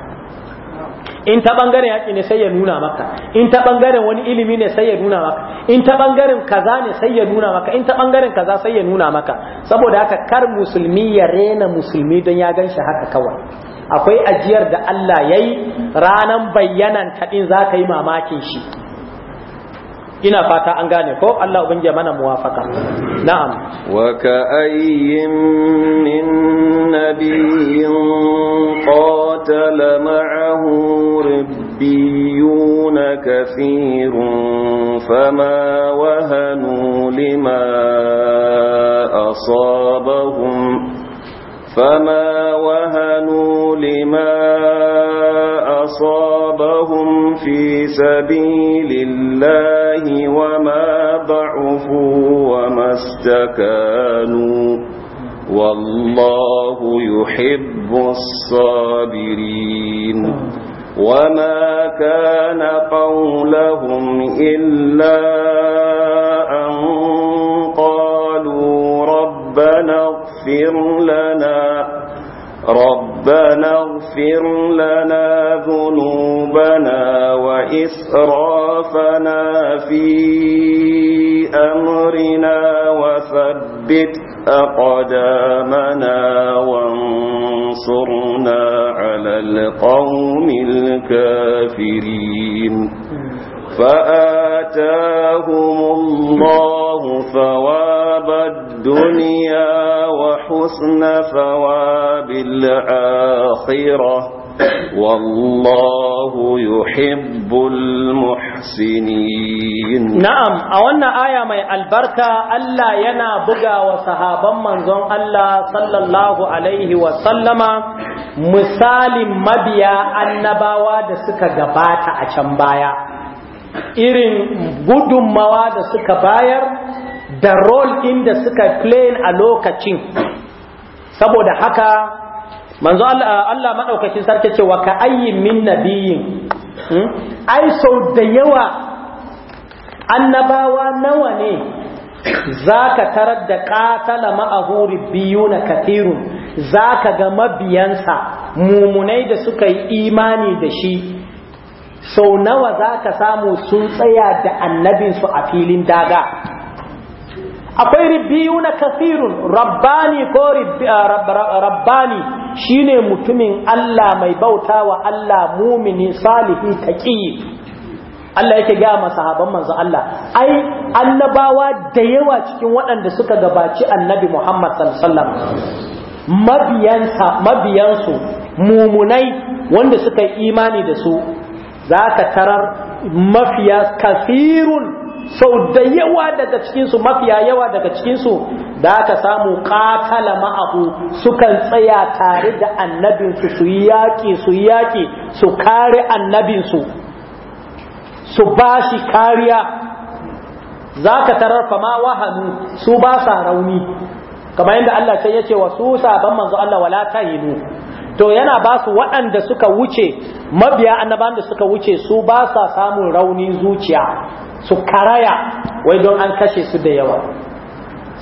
in ta bangaren yaƙi ne sai ya nuna maka in ta bangaren wani ilimi ne sai ya nuna maka in ta bangaren kaza ne sai ya nuna maka in ta bangaren kaza sai ya nuna maka saboda haka kar musulmi ya rena musulmi don ya gan shi haka kawai akwai ajiyar da Allah ya yi ranan bayyanan taɗin za ka yi mamakin shi ina fata an gane ko Allah ubangiji mana muwafaka na'am wa ka'ayyin min nabiyyin qatala ma'ahu rabbiyun kathirun fama wahanu lima asabahum fama لما أصابهم في سبيل الله وما ضعفوا وما استكانوا والله يحب الصابرين وما كان قولهم إلا فاغفر لنا ذنوبنا وإسرافنا في أمرنا وثبت أقدامنا وانصرنا على القوم الكافرين فآتاهم الله ثواب الدين الدنيا وحسن ثواب الآخرة والله يحب المحسنين نعم أولنا آية من البركة ألا ينا بقى وصحابا منظم ألا صلى الله عليه وسلم مثال مبيا النباوة دسك قبات أشمبايا irin gudunmawa da suka bayar da role ɗin da suka play a lokacin saboda haka manzo Allah, Allah maɗaukacin sarki ce wa ka ayyin min nabiyin hmm? ai sau da yawa annabawa nawa ne zaka ka tarar da ƙatala ma'ahuri biyu na katirun zaka ga mabiyansa mumunai da suka yi imani da shi sau nawa zaka samu sun tsaya da annabinsu a filin daga akwai ribbiyuna kasirun rabbani ko ah, rabbani shine mutumin Allah mai bauta wa Allah mumini salihi taqi Allah yake ga masahaban manzo Allah ai annabawa da yawa cikin waɗanda suka gabaci annabi Muhammad sallallahu alaihi wasallam mabiyansa mabiyansu mumunai wanda suka imani da su zaka tarar mafiya kasirun sau da yawa daga cikinsu mafiya yawa daga cikinsu da aka samu katala ma'ahu sukan tsaya tare da annabinsu su yi yaƙi su yaƙi su kare annabinsu su ba shi kariya za ka tarar fama hannu su ba sa rauni kamar yadda Allah can yace wa su sabon manzo Allah wala do? to yana ba su waɗanda suka wuce mabiya annabawan da suka wuce su ba sa samun rauni zuciya su karaya wai don an kashe su da yawa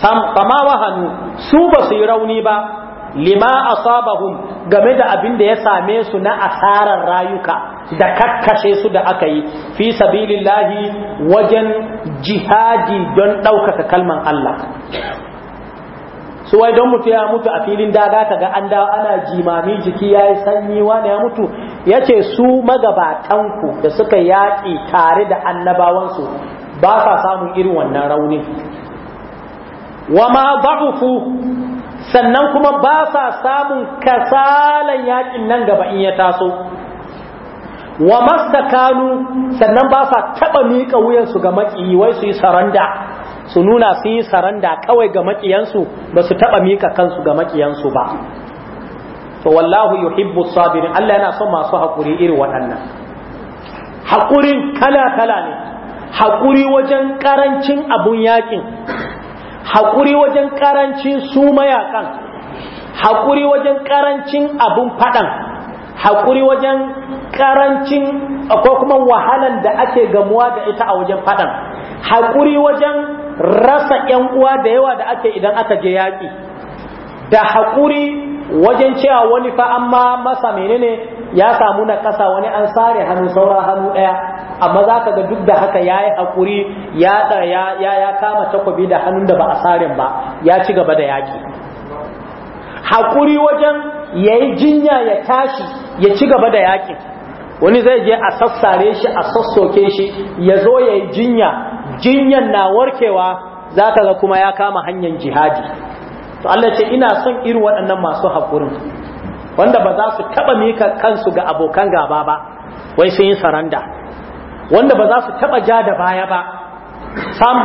fama wahanu su ba su yi rauni ba lima asabahum game da abin da ya same su na asarar rayuka da kakkashe su da aka yi fi sabilillahi wajen jihadi don ɗaukaka kalman Allah su wai don mutu ya mutu a filin daga ga an dawo ana jimami jiki ya yi sanyi wani ya mutu ya ce su magabatanku da suka yaƙi tare da annabawansu ba sa samun irin wannan rauni wa ma ba'ufu sannan kuma ba sa samun kasalan yaƙin nan gaba in ya taso wa mastakanu sannan ba sa taɓa miƙa wuyansu ga maƙiyi wai su yi saranda su nuna su yi saranda kawai ga makiyansu ba su taɓa mika kansu ga makiyansu ba to wallahu yuhibbu sabirin Allah yana son masu haƙuri iri waɗannan haƙurin kala-kala ne haƙuri wajen ƙarancin abun yaƙin haƙuri wajen ƙarancin su mayaƙan haƙuri wajen ƙarancin abun faɗan haƙuri wajen ƙarancin ko kuma wahalan da ake gamuwa da ita a wajen faɗan haƙuri wajen rasa ‘yan uwa da yawa da ake idan aka je yaƙi da haƙuri wajen cewa wani fa amma masa menene ya samu na ƙasa wani an sare hannu saura hannu ɗaya amma za ka ga duk da haka ya yi haƙuri ya, ya kama takobi da hannun da ba a sarin ba ya ci gaba da yaƙi haƙuri wajen ya yi jinya ya tashi ya ci gaba da yaƙi wani zai je a sassare shi a sassoke shi ya zo ya yi jinya jinyan na warkewa za ka ga kuma ya kama hanyar jihadi to Allah ce ina son irin waɗannan masu haƙurin wanda ba za su taɓa mika kansu ga abokan gaba ba wai sun yi saranda wanda ba za su taɓa ja da baya ba sam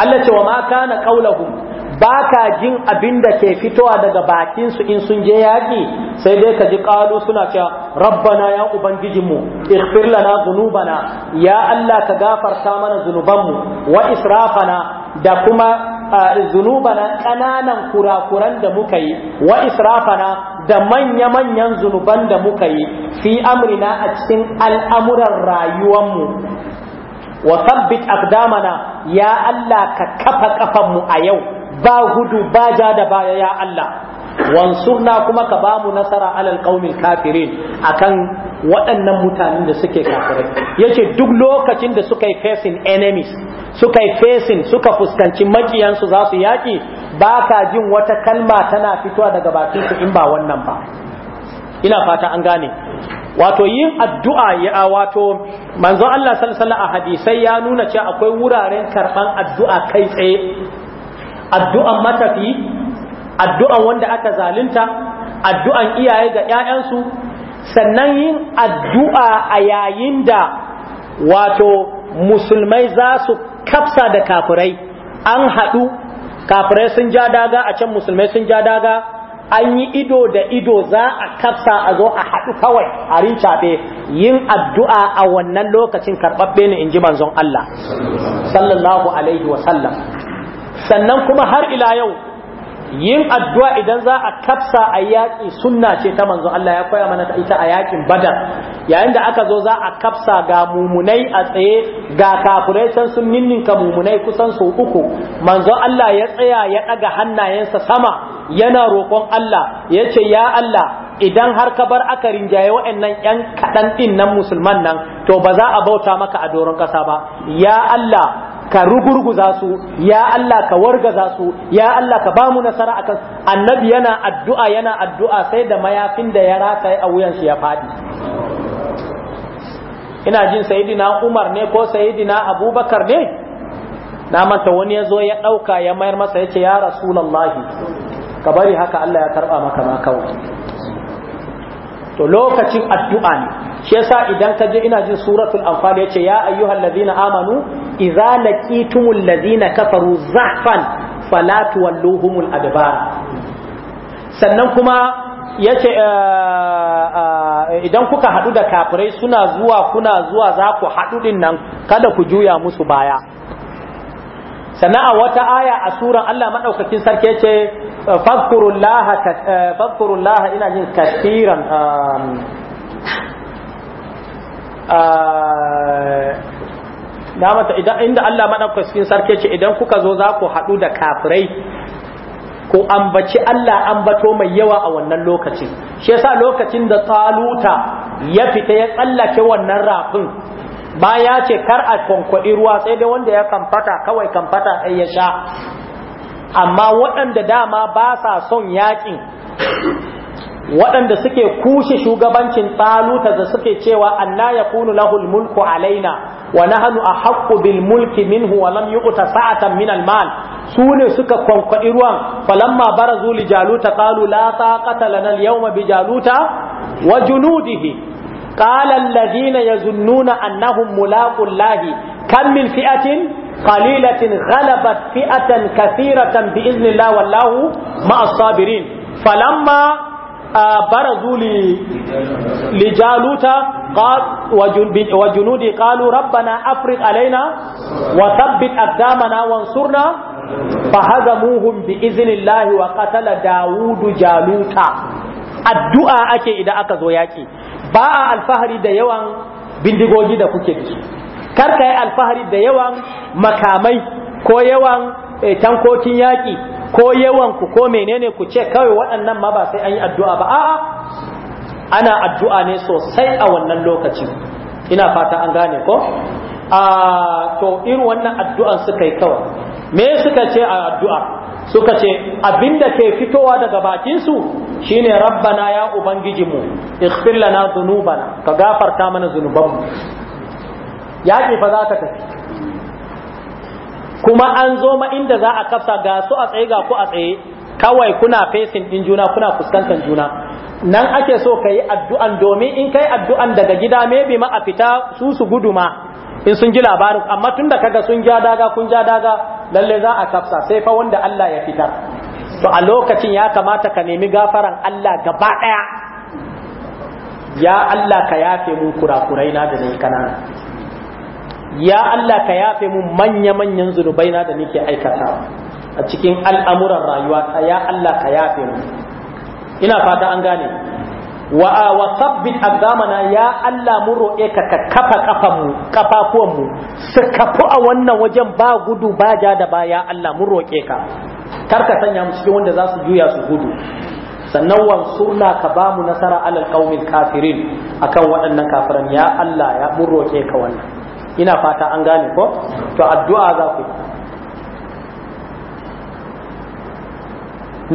Allah ce wa ma kana ƙaulahu ba ka jin abin da ke fitowa daga bakinsu in sun je yaƙi sai dai ka ji ƙalu suna cewa rabbana ya ubangijinmu ighfir lana zunubana ya Allah ka gafarta mana zunubanmu wa israfana da kuma zunubana ƙananan kurakuran da muka yi wa israfana da manya-manyan zunuban da muka yi fi amrina a cikin al'amuran rayuwanmu wa sabbit aqdamana ya Allah ka kafa kafanmu a yau ba gudu ba ja da baya ya Allah wansurna kuma ka ba mu nasara alal qaumil kafirin akan waɗannan mutanen da suke kafirai yace duk lokacin da suka yi facing enemies suka yi facing suka fuskanci makiyansu za su yaki ba ka jin wata kalma tana fitowa daga bakin su in ba wannan ba ina fata an gane wato yin addu'a ya wato manzo Allah sallallahu alaihi wasallam a hadisai ya nuna cewa akwai wuraren karban addu'a kai tsaye addu'an matafi addu'an wanda aka zalunta addu'an iyaye ga 'ya'yansu sannan yin addu'a a yayin da wato musulmai za su kafsa da kafirai an haɗu kafirai sun ja daga a can musulmai sun ja daga an yi ido da ido za a kafsa a zo a haɗu kawai a rincaɓe yin addu'a a wannan lokacin karɓaɓɓe ne in ji manzon Allah sallallahu alaihi wasallam sannan kuma har ila yau yin addu'a idan za a kafsa a yaƙi sunna ce ta manzo Allah ya koya mana ta ita a yaƙin badar yayin da aka zo za a kafsa ga mumunai a tsaye ga kafurai can sun ninninka mumunai kusan sau uku manzo Allah ya tsaya ya ɗaga hannayensa sama yana roƙon Allah ya ce ya Allah idan har ka bar aka rinjaye waɗannan ‘yan kaɗan ɗin nan musulman nan to ba za a bauta maka a doron ƙasa ba ya Allah ka rugurguza su ya Allah ka wargaza su ya Allah ka bamu nasara akan annabi yana addu'a yana addu'a sai da mayafin da ya rataye a wuyan shi ya fadi ina jin sayidina Umar ne ko sayidina Abubakar ne na manta wani ya zo ya ɗauka ya mayar masa ya ce ya rasulallahi ka bari haka Allah ya karɓa maka ma kawai to lokacin addu'a ne shi yasa idan ka je ina jin suratul anfal yace ya ayyuhal ladina amanu idza laqitumul ladina kafaru zahfan fala tuwalluhumul adbar sannan kuma yace eh, eh, eh, idan kuka hadu da kafirai suna zuwa kuna zuwa za ku hadu din nan kada ku juya musu baya sannan a wata aya a suran Allah madaukakin sarki yace fadhkurullaha fadhkurullaha ina jin kafiran um, ah, Na mata idan inda Allah madaukakin sarki ce idan kuka zo za ku haɗu da kafirai ku ambaci Allah ambato mai yawa a wannan lokacin shi yasa lokacin da taluta ya fita ya tsallake wannan rafin ba ya ce kar a kwankwaɗi ruwa sai dai wanda ya kamfata kawai kamfata sai ya sha amma waɗanda dama ba sa son yaƙin waɗanda suke kushe shugabancin taluta da suke cewa Allah ya kunu lahul mulku alaina ونحن أحق بالملك منه ولم يؤت سعة من المال سون سكا كونكدي روان فلما برزوا لجالوت قالوا لا طاقة لنا اليوم بجالوت وجنوده قال الذين يظنون أنهم ملاق الله كم من فئة قليلة غلبت فئة كثيرة بإذن الله والله مع الصابرين فلما barazu li jaluta wa junudi qalu rabbana afriq alaina wa thabbit aqdamana wansurna fahazamuhum bi iznillahi wa qatala daudu jaluta addu'a ake idan aka zo yaki ba a alfahari da yawan bindigogi da kuke da su yi alfahari da yawan makamai ko yawan tankokin yaƙi ko yawan ku ko menene ku ce kawai waɗannan ma ba sai an yi addu'a ba a'a ana addu'a ne sosai a wannan lokacin ina fata an gane ko a to irin wannan addu'an suka yi kawai me suka ce a addu'a suka ce abinda ke fitowa daga bakinsu shine rabbana ya ubangijinmu ighfir lana dhunubana ka gafarta mana zunubanmu yaƙi fa za ka tafi kuma an zo ma inda za a kafsa ga su a tsaye ga ku a tsaye kawai kuna fesin din juna kuna fuskantar juna nan ake so ka yi addu'an domin in kai addu'an daga gida maybe ma a fita su su gudu ma in sun ji labarin amma tun da kaga sun ja daga kun ja daga lalle za a kafsa sai fa wanda Allah ya fitar to a lokacin ya kamata ka nemi gafaran Allah gaba ɗaya ya Allah ka yafe mu kurakurai na da ne kanana ya Allah ka yafe mun manya-manyan na da nake aikata a cikin al'amuran rayuwa ta ya Allah ka yafe mun ina fata an gane wa wa sabbit aqdamana ya Allah mun roƙe ka ka kafa kafanmu kafafuwanmu su kafu a wannan wajen ba gudu ba ja da ba ya Allah mun roƙe ka kar ka sanya mu cikin wanda za su juya su gudu sannan wansurna ka ba mu nasara alal qaumil kafirin akan waɗannan kafiran ya Allah ya mun roƙe ka wannan ina fata an gane ko to addu'a za ku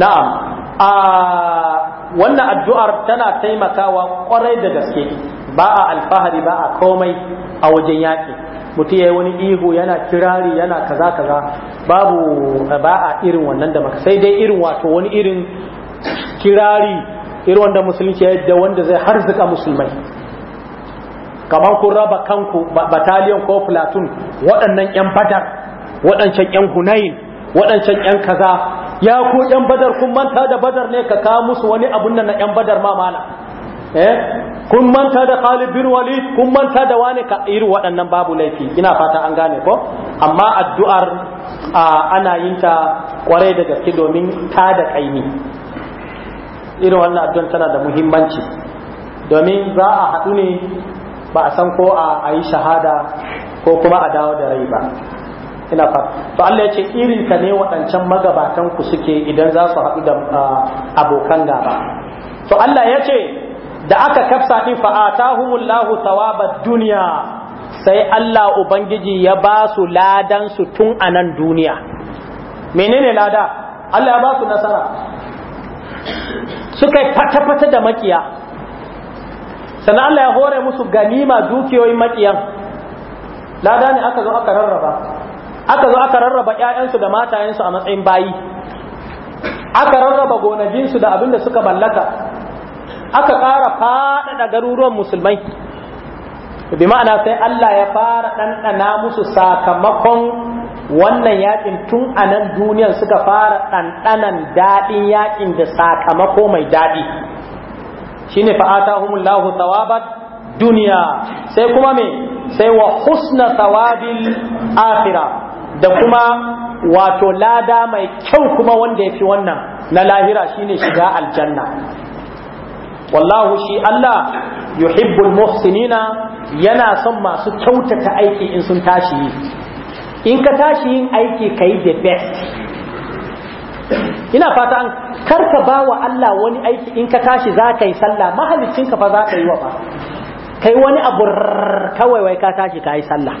na'am a wannan addu'ar tana taimakawa kwarai da gaske ba a alfahari ba a komai a wajen yaƙi mutum ya yi wani ihu yana kirari yana kaza kaza babu ba a irin wannan da maka sai dai irin wato wani irin kirari irin wanda musulunci ya da wanda zai harzuka musulmai kamar kun raba kanku battalion ko platoon waɗannan 'yan badar waɗancan 'yan hunayin waɗancan 'yan kaza ya ku 'yan badar kun manta da badar ne ka kawo musu wani abun nan na 'yan badar ma eh? kun manta da Khalid bin Walid kun manta da wani ka iri waɗannan babu laifi ina fata an gane ko amma addu'ar ana yin ta kwarai da gaske domin ta da kaimi irin wannan addu'ar tana da muhimmanci domin za a haɗu ne ba a san ko a yi shahada ko kuma a dawo da rai ba ina fa to Allah ya ce irin ka ne waɗancan magabatan ku suke idan za su haɗu da abokan gaba to Allah ya ce da aka kafsa din fa atahumullahu thawabad dunya sai Allah ubangiji ya ba su ladan su tun anan duniya menene lada Allah ya ba su nasara suka fata-fata da makiya sannan Allah ya hore musu ganima dukiyoyin maƙiyan lada aka zo aka rarraba aka zo aka rarraba ƴaƴansu da matayensu a matsayin bayi aka rarraba gonajinsu da abin da suka mallaka aka ƙara faɗaɗa garuruwan musulmai bi ma'ana sai Allah ya fara ɗanɗana musu sakamakon wannan yakin tun a nan duniyar suka fara ɗanɗanan daɗin yakin da sakamako mai daɗi shine fa atahumullahu thawabat dunya sai kuma me sai wa husna thawabil akhirah da kuma wato lada mai kyau kuma wanda yafi wannan na lahira shine shiga aljanna wallahu shi Allah yuhibbul muhsinina yana son masu kyautata aiki in sun tashi yi in ka tashi yin aiki kai the best ina fata an kar ka ba wa Allah wani aiki in ka tashi za ka yi sallah mahalicin ka fa za ka yi wa ba kai wani abu kawai wai ka tashi ka yi sallah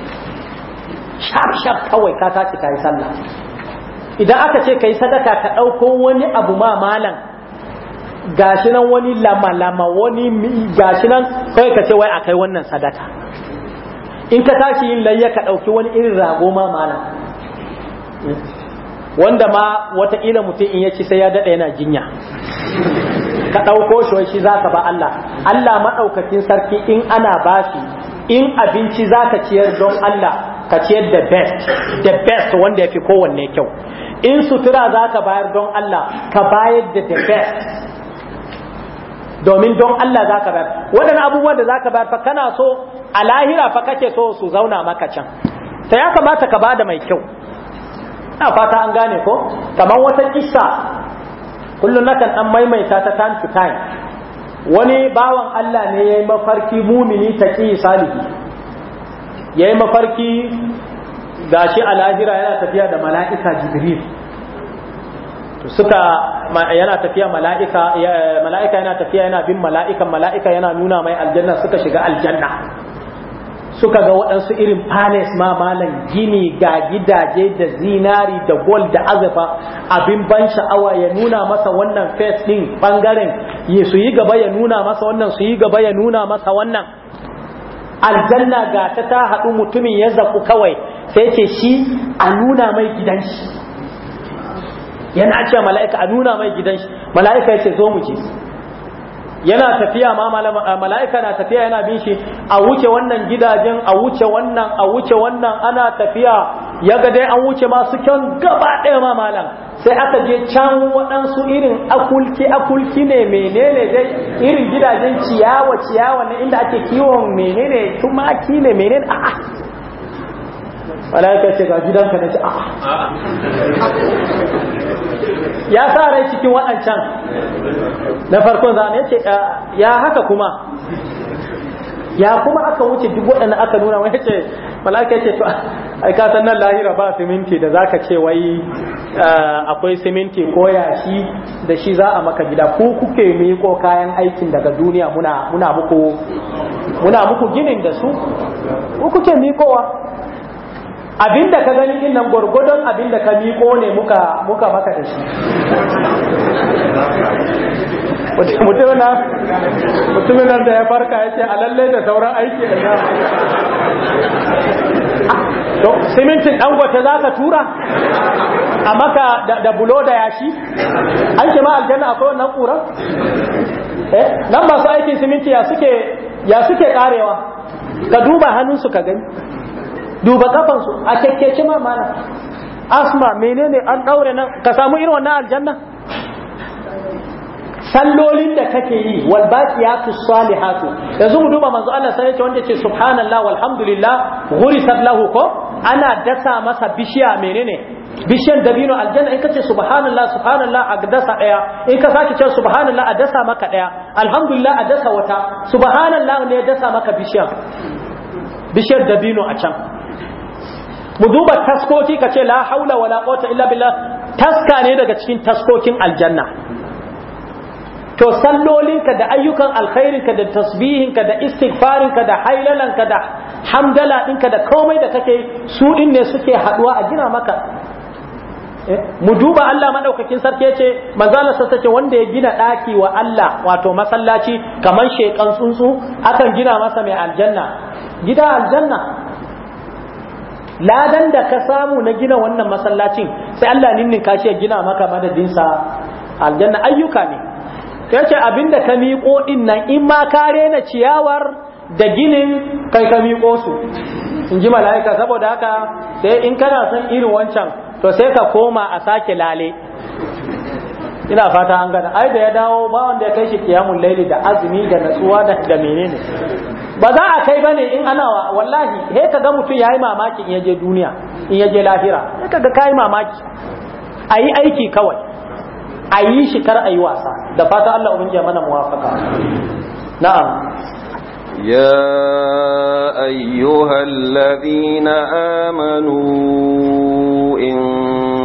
shaf shaf kawai ka tashi ka yi sallah idan aka ce ka yi sadaka ka ɗauko wani abu ma malam gashi nan wani lama lama wani gashi nan kawai ka ce wai akai wannan sadaka in ka tashi yin layya ka ɗauki wani irin rago ma malam wanda ma wataƙila mutum in yaci sai ya daɗa yana jinya ka ɗauko shi wai shi za ka ba Allah Allah maɗaukakin sarki in ana shi in abinci za ka ciyar don Allah ka ciyar da best the best wanda ya fi kowanne kyau in sutura za ka bayar don Allah ka bayar da the best domin don Allah za ka bayar waɗannan abubuwan da za ka bayar fa kana so a lahira fa kake so su zauna maka can ta ya kamata ka bada mai kyau na fata an gane ko kamar wata kissa kullum kan dan maimaita ta time to time wani bawan Allah ne yayi mafarki mumini ki salihi yayi mafarki gashi Al'ahira yana tafiya da mala'ika jibril suka yana tafiya mala'ika mala'ika yana tafiya yana bin mala'ika, mala'ika yana nuna mai aljanna suka shiga aljanna suka ga waɗansu irin palace ma malam gini ga gidaje da zinari da gold da azurfa abin ban sha'awa ya nuna masa wannan face din bangaren ya su yi gaba ya nuna masa wannan su yi gaba ya nuna masa wannan aljanna ga ta ta haɗu mutumin ya zaku kawai sai ce shi a nuna mai gidan shi yana ce mala'ika a nuna mai gidan shi mala'ika ya ce zo mu je yana tafiya ma mala'ika na tafiya yana bin shi a wuce wannan gidajen a wuce wannan a wuce wannan ana tafiya ya ga dai an wuce masu kyan gaba ɗaya ma malam sai aka je can waɗansu irin akulki akulki ne menene dai irin gidajen ciyawa ciyawa na inda ake kiwon menene tumaki ne menene a'a mala'ika ce ga gidanka na ce a'a ya sa rai cikin waɗancan na farkon zane ce ya haka kuma ya kuma aka wuce duk waɗanda aka nuna wani ce malaka ce to aika san nan lahira ba siminti da zaka ce wai akwai siminti ko yashi da shi za a maka gida ko kuke miko kayan aikin daga duniya muna muku ginin da su Ko kuke mikowa abinda ka gani din nan gwargwadon abinda ka miko ne muka muka maka da shi mutumin nan da ya farka ya ce alalle da sauran aiki da ya to simintin dangote za ka tura a maka da bulo da yashi an ke ma aljanna akwai wannan ƙura eh nan masu aikin siminti ya suke ya suke karewa ka duba hannunsu ka gani duba kafansu a kekkeci ma mana asma menene an daure nan ka samu irin wannan aljanna sallolin da kake yi wal baqiyatu salihatu yanzu mu duba manzo Allah sai ya wanda ce subhanallah walhamdulillah ghurisat lahu ko ana dasa masa bishiya menene bishiyan dabino aljanna in kace ce subhanallah subhanallah a dasa daya in ka sake ce subhanallah a dasa maka daya alhamdulillah a dasa wata subhanallah ne ya dasa maka bishiyan bishiyar dabino a can mu duba taskoki ka ce la haula wala quwwata illa billah taska ne daga cikin taskokin aljanna to sallolinka da ayyukan alkhairinka da tasbihinka da istighfarinka da hailalanka da hamdala ɗinka da komai da kake su ɗin ne suke haduwa a gina maka eh, mu Allah maɗaukakin sarki ce manzala sassa ce wanda ya gina ɗaki wa Allah wato masallaci kamar shekan tsuntsu akan gina masa mai aljanna gida aljanna ladan da ka samu na gina wannan masallacin sai Allah ninnin ka ya gina maka madadin sa aljanna ayyuka ne ya ce abinda ka miƙo din nan in ma ka rena ciyawar da ginin kai ka miƙo su in ji mala'ika saboda haka sai in kana son irin wancan to sai ka koma a sake lale ina fata an gana ai da ya dawo ba wanda ya kai shi kiyamun laili da azumi da natsuwa da da menene ba za a kai bane in ana wallahi he ka ga mutum yayi mamaki in yaje duniya in yaje lahira he ka ga kai mamaki ayi aiki kawai ayi shi kar ayi wasa da fata Allah ubangiji ya mana muwafaka na'am يا أيها الذين آمنوا إن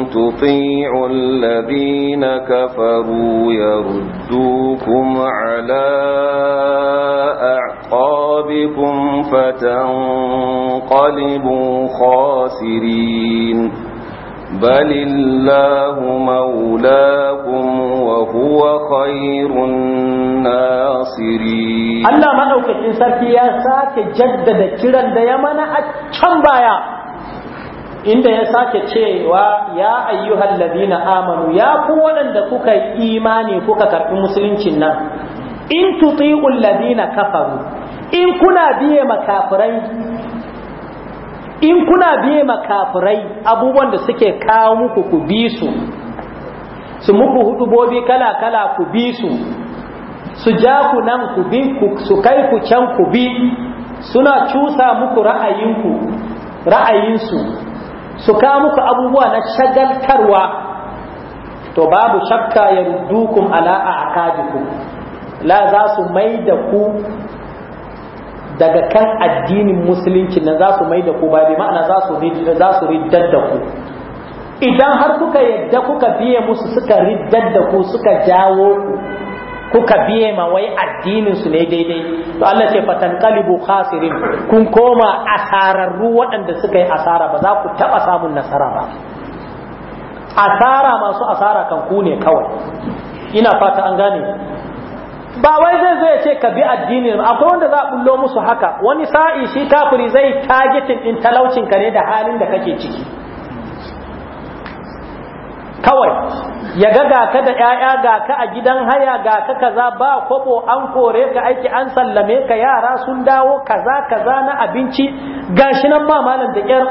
تطيعوا الذين كفروا يردوكم على أعقابكم فتنقلبوا خاسرين Balillahu الله مولاكم وهو خير الناصرين الله ما sarki ya sake jaddada kiran da ya mana a can baya inda ya sake cewa ya ayyuhal ladina amanu ya ku waɗanda kuka imani kuka karɓi musuluncin nan in tuti'ul ladina kafaru in kuna biye makafirai in kuna biye makafirai abubuwan da suke kawo muku ku bi su su muku hudubobi kala-kala ku bi su su ja ku nan ku bi su kai ku can ku bi suna cusa muku ra'ayinku ra'ayinsu su ka muku abubuwa na shagaltarwa to babu shakka ya ala a la za su mai da ku daga kan addinin musulunci na za su mai da ku ba bi ma'ana za su riddar da ku idan har kuka yadda kuka biye musu suka riddar da ku suka jawo ku kuka biye ma wai addinin su ne daidai to Allah ce fatan qalibu khasirin kun koma asararru waɗanda suka yi asara ba za ku taɓa samun nasara ba asara masu asara kan ku ne kawai ina fata an gane ba wai zai zo ya ce ka bi addinin akwai wanda za a bullo musu haka wani sa'i shi kafiri zai targetin din talaucin ka ne da halin da kake ciki kawai ya ga gaka da 'ya'ya gaka a gidan haya gaka kaza ba kobo an kore ka aiki an sallame ka yara sun dawo kaza kaza na abinci gashi nan ba malam da 'yar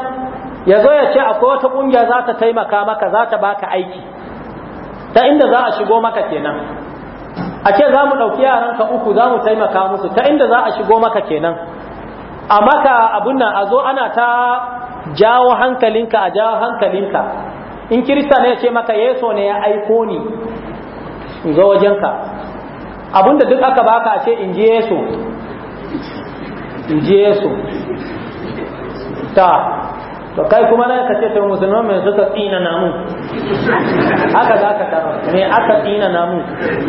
ya zo ya ce akwai wata ƙungiyar za ta taimaka maka za ta baka aiki ta inda za a shigo maka kenan a ce za mu ɗauki yaranka uku za mu taimaka musu ta inda za a shigo maka kenan a maka abun nan a zo ana ta jawo hankalinka a jawo hankalinka in kirista ne ya ce maka yeso ne ya aiko ni in zo wajenka da duk aka baka a ce in ji yeso in ji yeso ta to kai kuma na ka ce to musulman mai suka tsina na mun [laughs] haka za ka tarar me aka tsina namu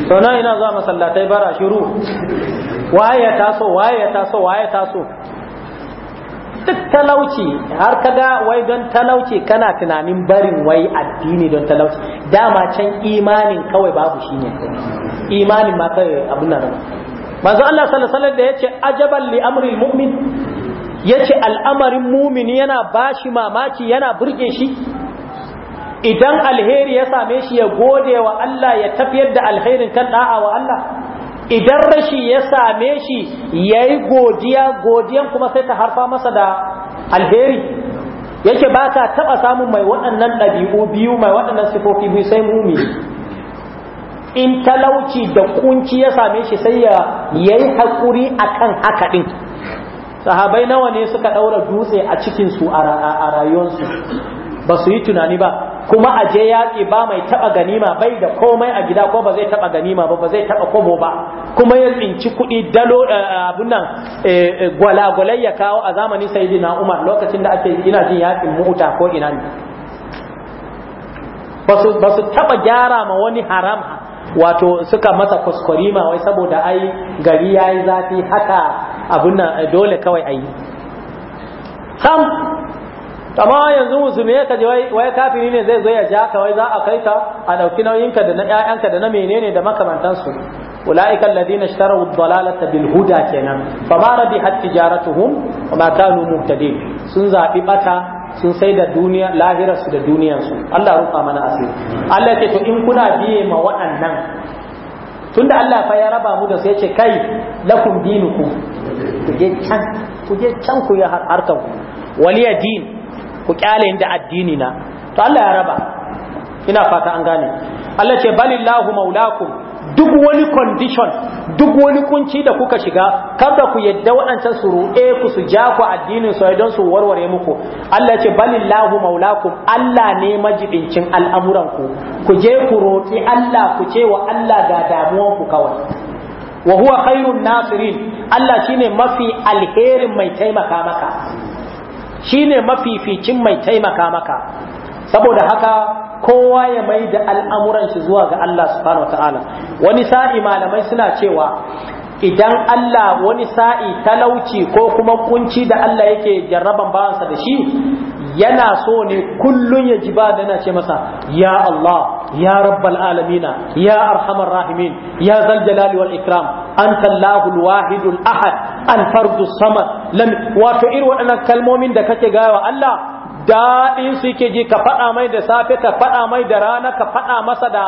sau na ina zuwa masallatai bara shiru waye ya taso waye ya taso waye ya taso duk talauci har kaga wai don talauci kana tunanin barin wai addini don talauci dama can imanin kawai babu shi ne imanin ma kawai abin nan manzo Allah sallallahu alaihi wasallam da yace ajaban li amri mu'min yace al'amarin mumini yana bashi mamaki yana burge shi idan alheri ya same shi ya gode wa Allah ya tafiyar da alherin kan da'a wa Allah idan rashi ya same shi ya yi godiya godiyan kuma sai ta harfa masa da alheri yake ba ta taɓa samun mai waɗannan ɗabi'u biyu mai waɗannan sifofi biyu sai mumi in talauci da kunci ya same shi sai ya yi haƙuri akan haka ɗin sahabai nawa ne suka ɗaura dutse a cikinsu a rayuwarsu ba su yi tunani ba kuma a je yaƙi ba mai taɓa ganima bai da komai a gida ko ba zai taɓa ganima ba ba zai taɓa kobo ba kuma ya tsinci kuɗi dalo eh, abun nan eh, eh, gwalagwalai ya kawo a zamanin na umar lokacin da ake ina jin yaƙin mu'uta ko ina ne ba su taɓa gyara ma wani haram wato suka masa ma wai saboda ai gari ya yi zafi haka abun nan dole kawai a yi sam amma yanzu musulmi ya kaje wai kafiri ne zai zo ya ja wai za a kai ka a ɗauki nauyinka da na ƴaƴanka da na menene da makamantansu ulaika alladhina ishtaraw ad-dalalata bil huda kenan fama rabihat tijaratuhum wama kanu muhtadin sun zabi bata sun sai da duniya lahirar su da duniyar su Allah rufa mana asiri Allah ya ce to in kuna biye ma waɗannan tunda Allah fa ya raba mu da su yace kai lakum dinukum ku je can ku je can ku ya harkar ku waliya din ku kyale da addini na to Allah ya raba ina fata an gane Allah ce balillahu maulakum duk wani condition duk wani kunci da kuka shiga kada ku yadda waɗancan su ruɗe ku su ja ku addinin su don su warware muku Allah ce balillahu maulakum Allah ne majibincin al'amuran ku ku je ku roƙi Allah ku ce wa Allah ga damuwan ku kawai wa huwa khairun nasirin Allah shine mafi alherin mai taimaka maka Shi ne mafificin mai taimaka maka saboda haka kowa ya mai da al'amuran shi zuwa ga Allah subhanahu wa ta'ala wani sa'i malamai suna cewa idan Allah wani sa'i talauci ko kuma kunci da Allah yake jarraban bawansa da shi yana so ne kullun ya ji ba dana ce masa ya Allah ya rabbal alamina ya arhamar rahimin ya zal jalali wal ikram an tallahu wahidul ahad al fardus samad lam wato irin waɗannan kalmomin da kake gawa Allah daɗin su yake ji ka faɗa mai da safe ka faɗa mai da rana ka faɗa masa da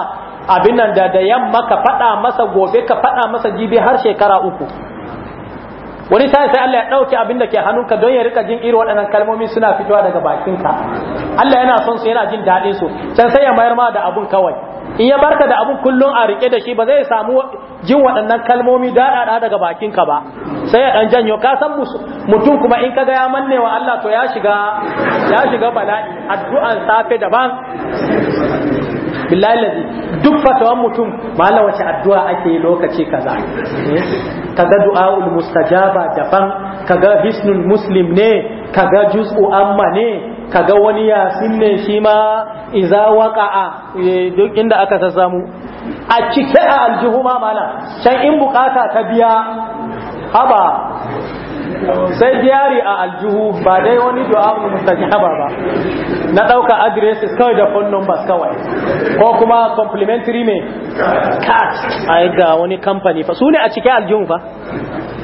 abin nan da da yamma ka faɗa masa gobe ka faɗa masa jibi har shekara uku wani sai sai Allah ya dauke abin da ke hannunka don ya rika jin irin waɗannan kalmomi suna fitowa daga bakinka Allah yana son su yana jin daɗin su can sai ya mayar ma da abun kawai in ya barka da abun kullum a rike da shi ba zai samu jin waɗannan kalmomi daɗaɗa daga bakinka ba sai ya ɗan janyo ka san mutum kuma in kaga ya manne wa Allah to ya shiga ya shiga bala'i addu'an safe daban billahi duk fatawan mutum mala wace addu'a ake lokaci kaza eh, kaga du'aul mustajaba daban kaga hisnul muslim ne kaga juz'u amma ne kaga wani yasin ne shi ma iza waqa'a eh, duk inda aka sassamu a cike a aljihu ma mala can in bukata ta biya haba sai diari a aljihu ba dai wani mu mustajaba ba na dauka addresses kawai da phone numbers kawai ko kuma complimentary me card ai ga wani company fa sune a cikin aljihu fa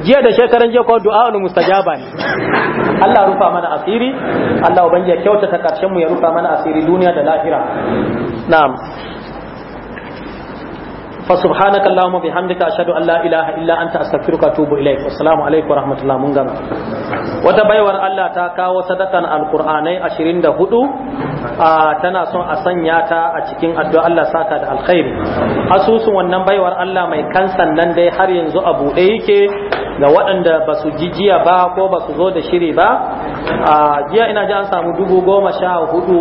jiya da shekaran jiya ko mu mustajaba ne Allah rufa mana asiri Allah ubangiji ya kyautata karshen mu ya rufa mana asiri duniya da lahira na'am fa subhanaka allahumma bihamdika ashhadu an la ilaha illa anta astaghfiruka wa atubu ilaik assalamu alaikum wa rahmatullahi mun gama wata baiwar Allah ta kawo sadakan da hudu tana son a sanya ta a cikin addu'a Allah saka da alkhairi asusun wannan baiwar Allah mai kansan nan dai har yanzu a buɗe yake ga waɗanda ba su jiya ba ko ba su zo da shiri ba a jiya ina ji an samu dubu goma sha hudu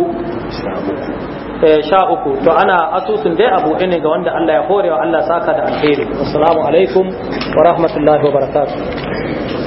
sha uku to ana asusun dai abu ne ga wanda Allah ya wa Allah saka da alheri assalamu alaikum wa rahmatullahi wa barakatuh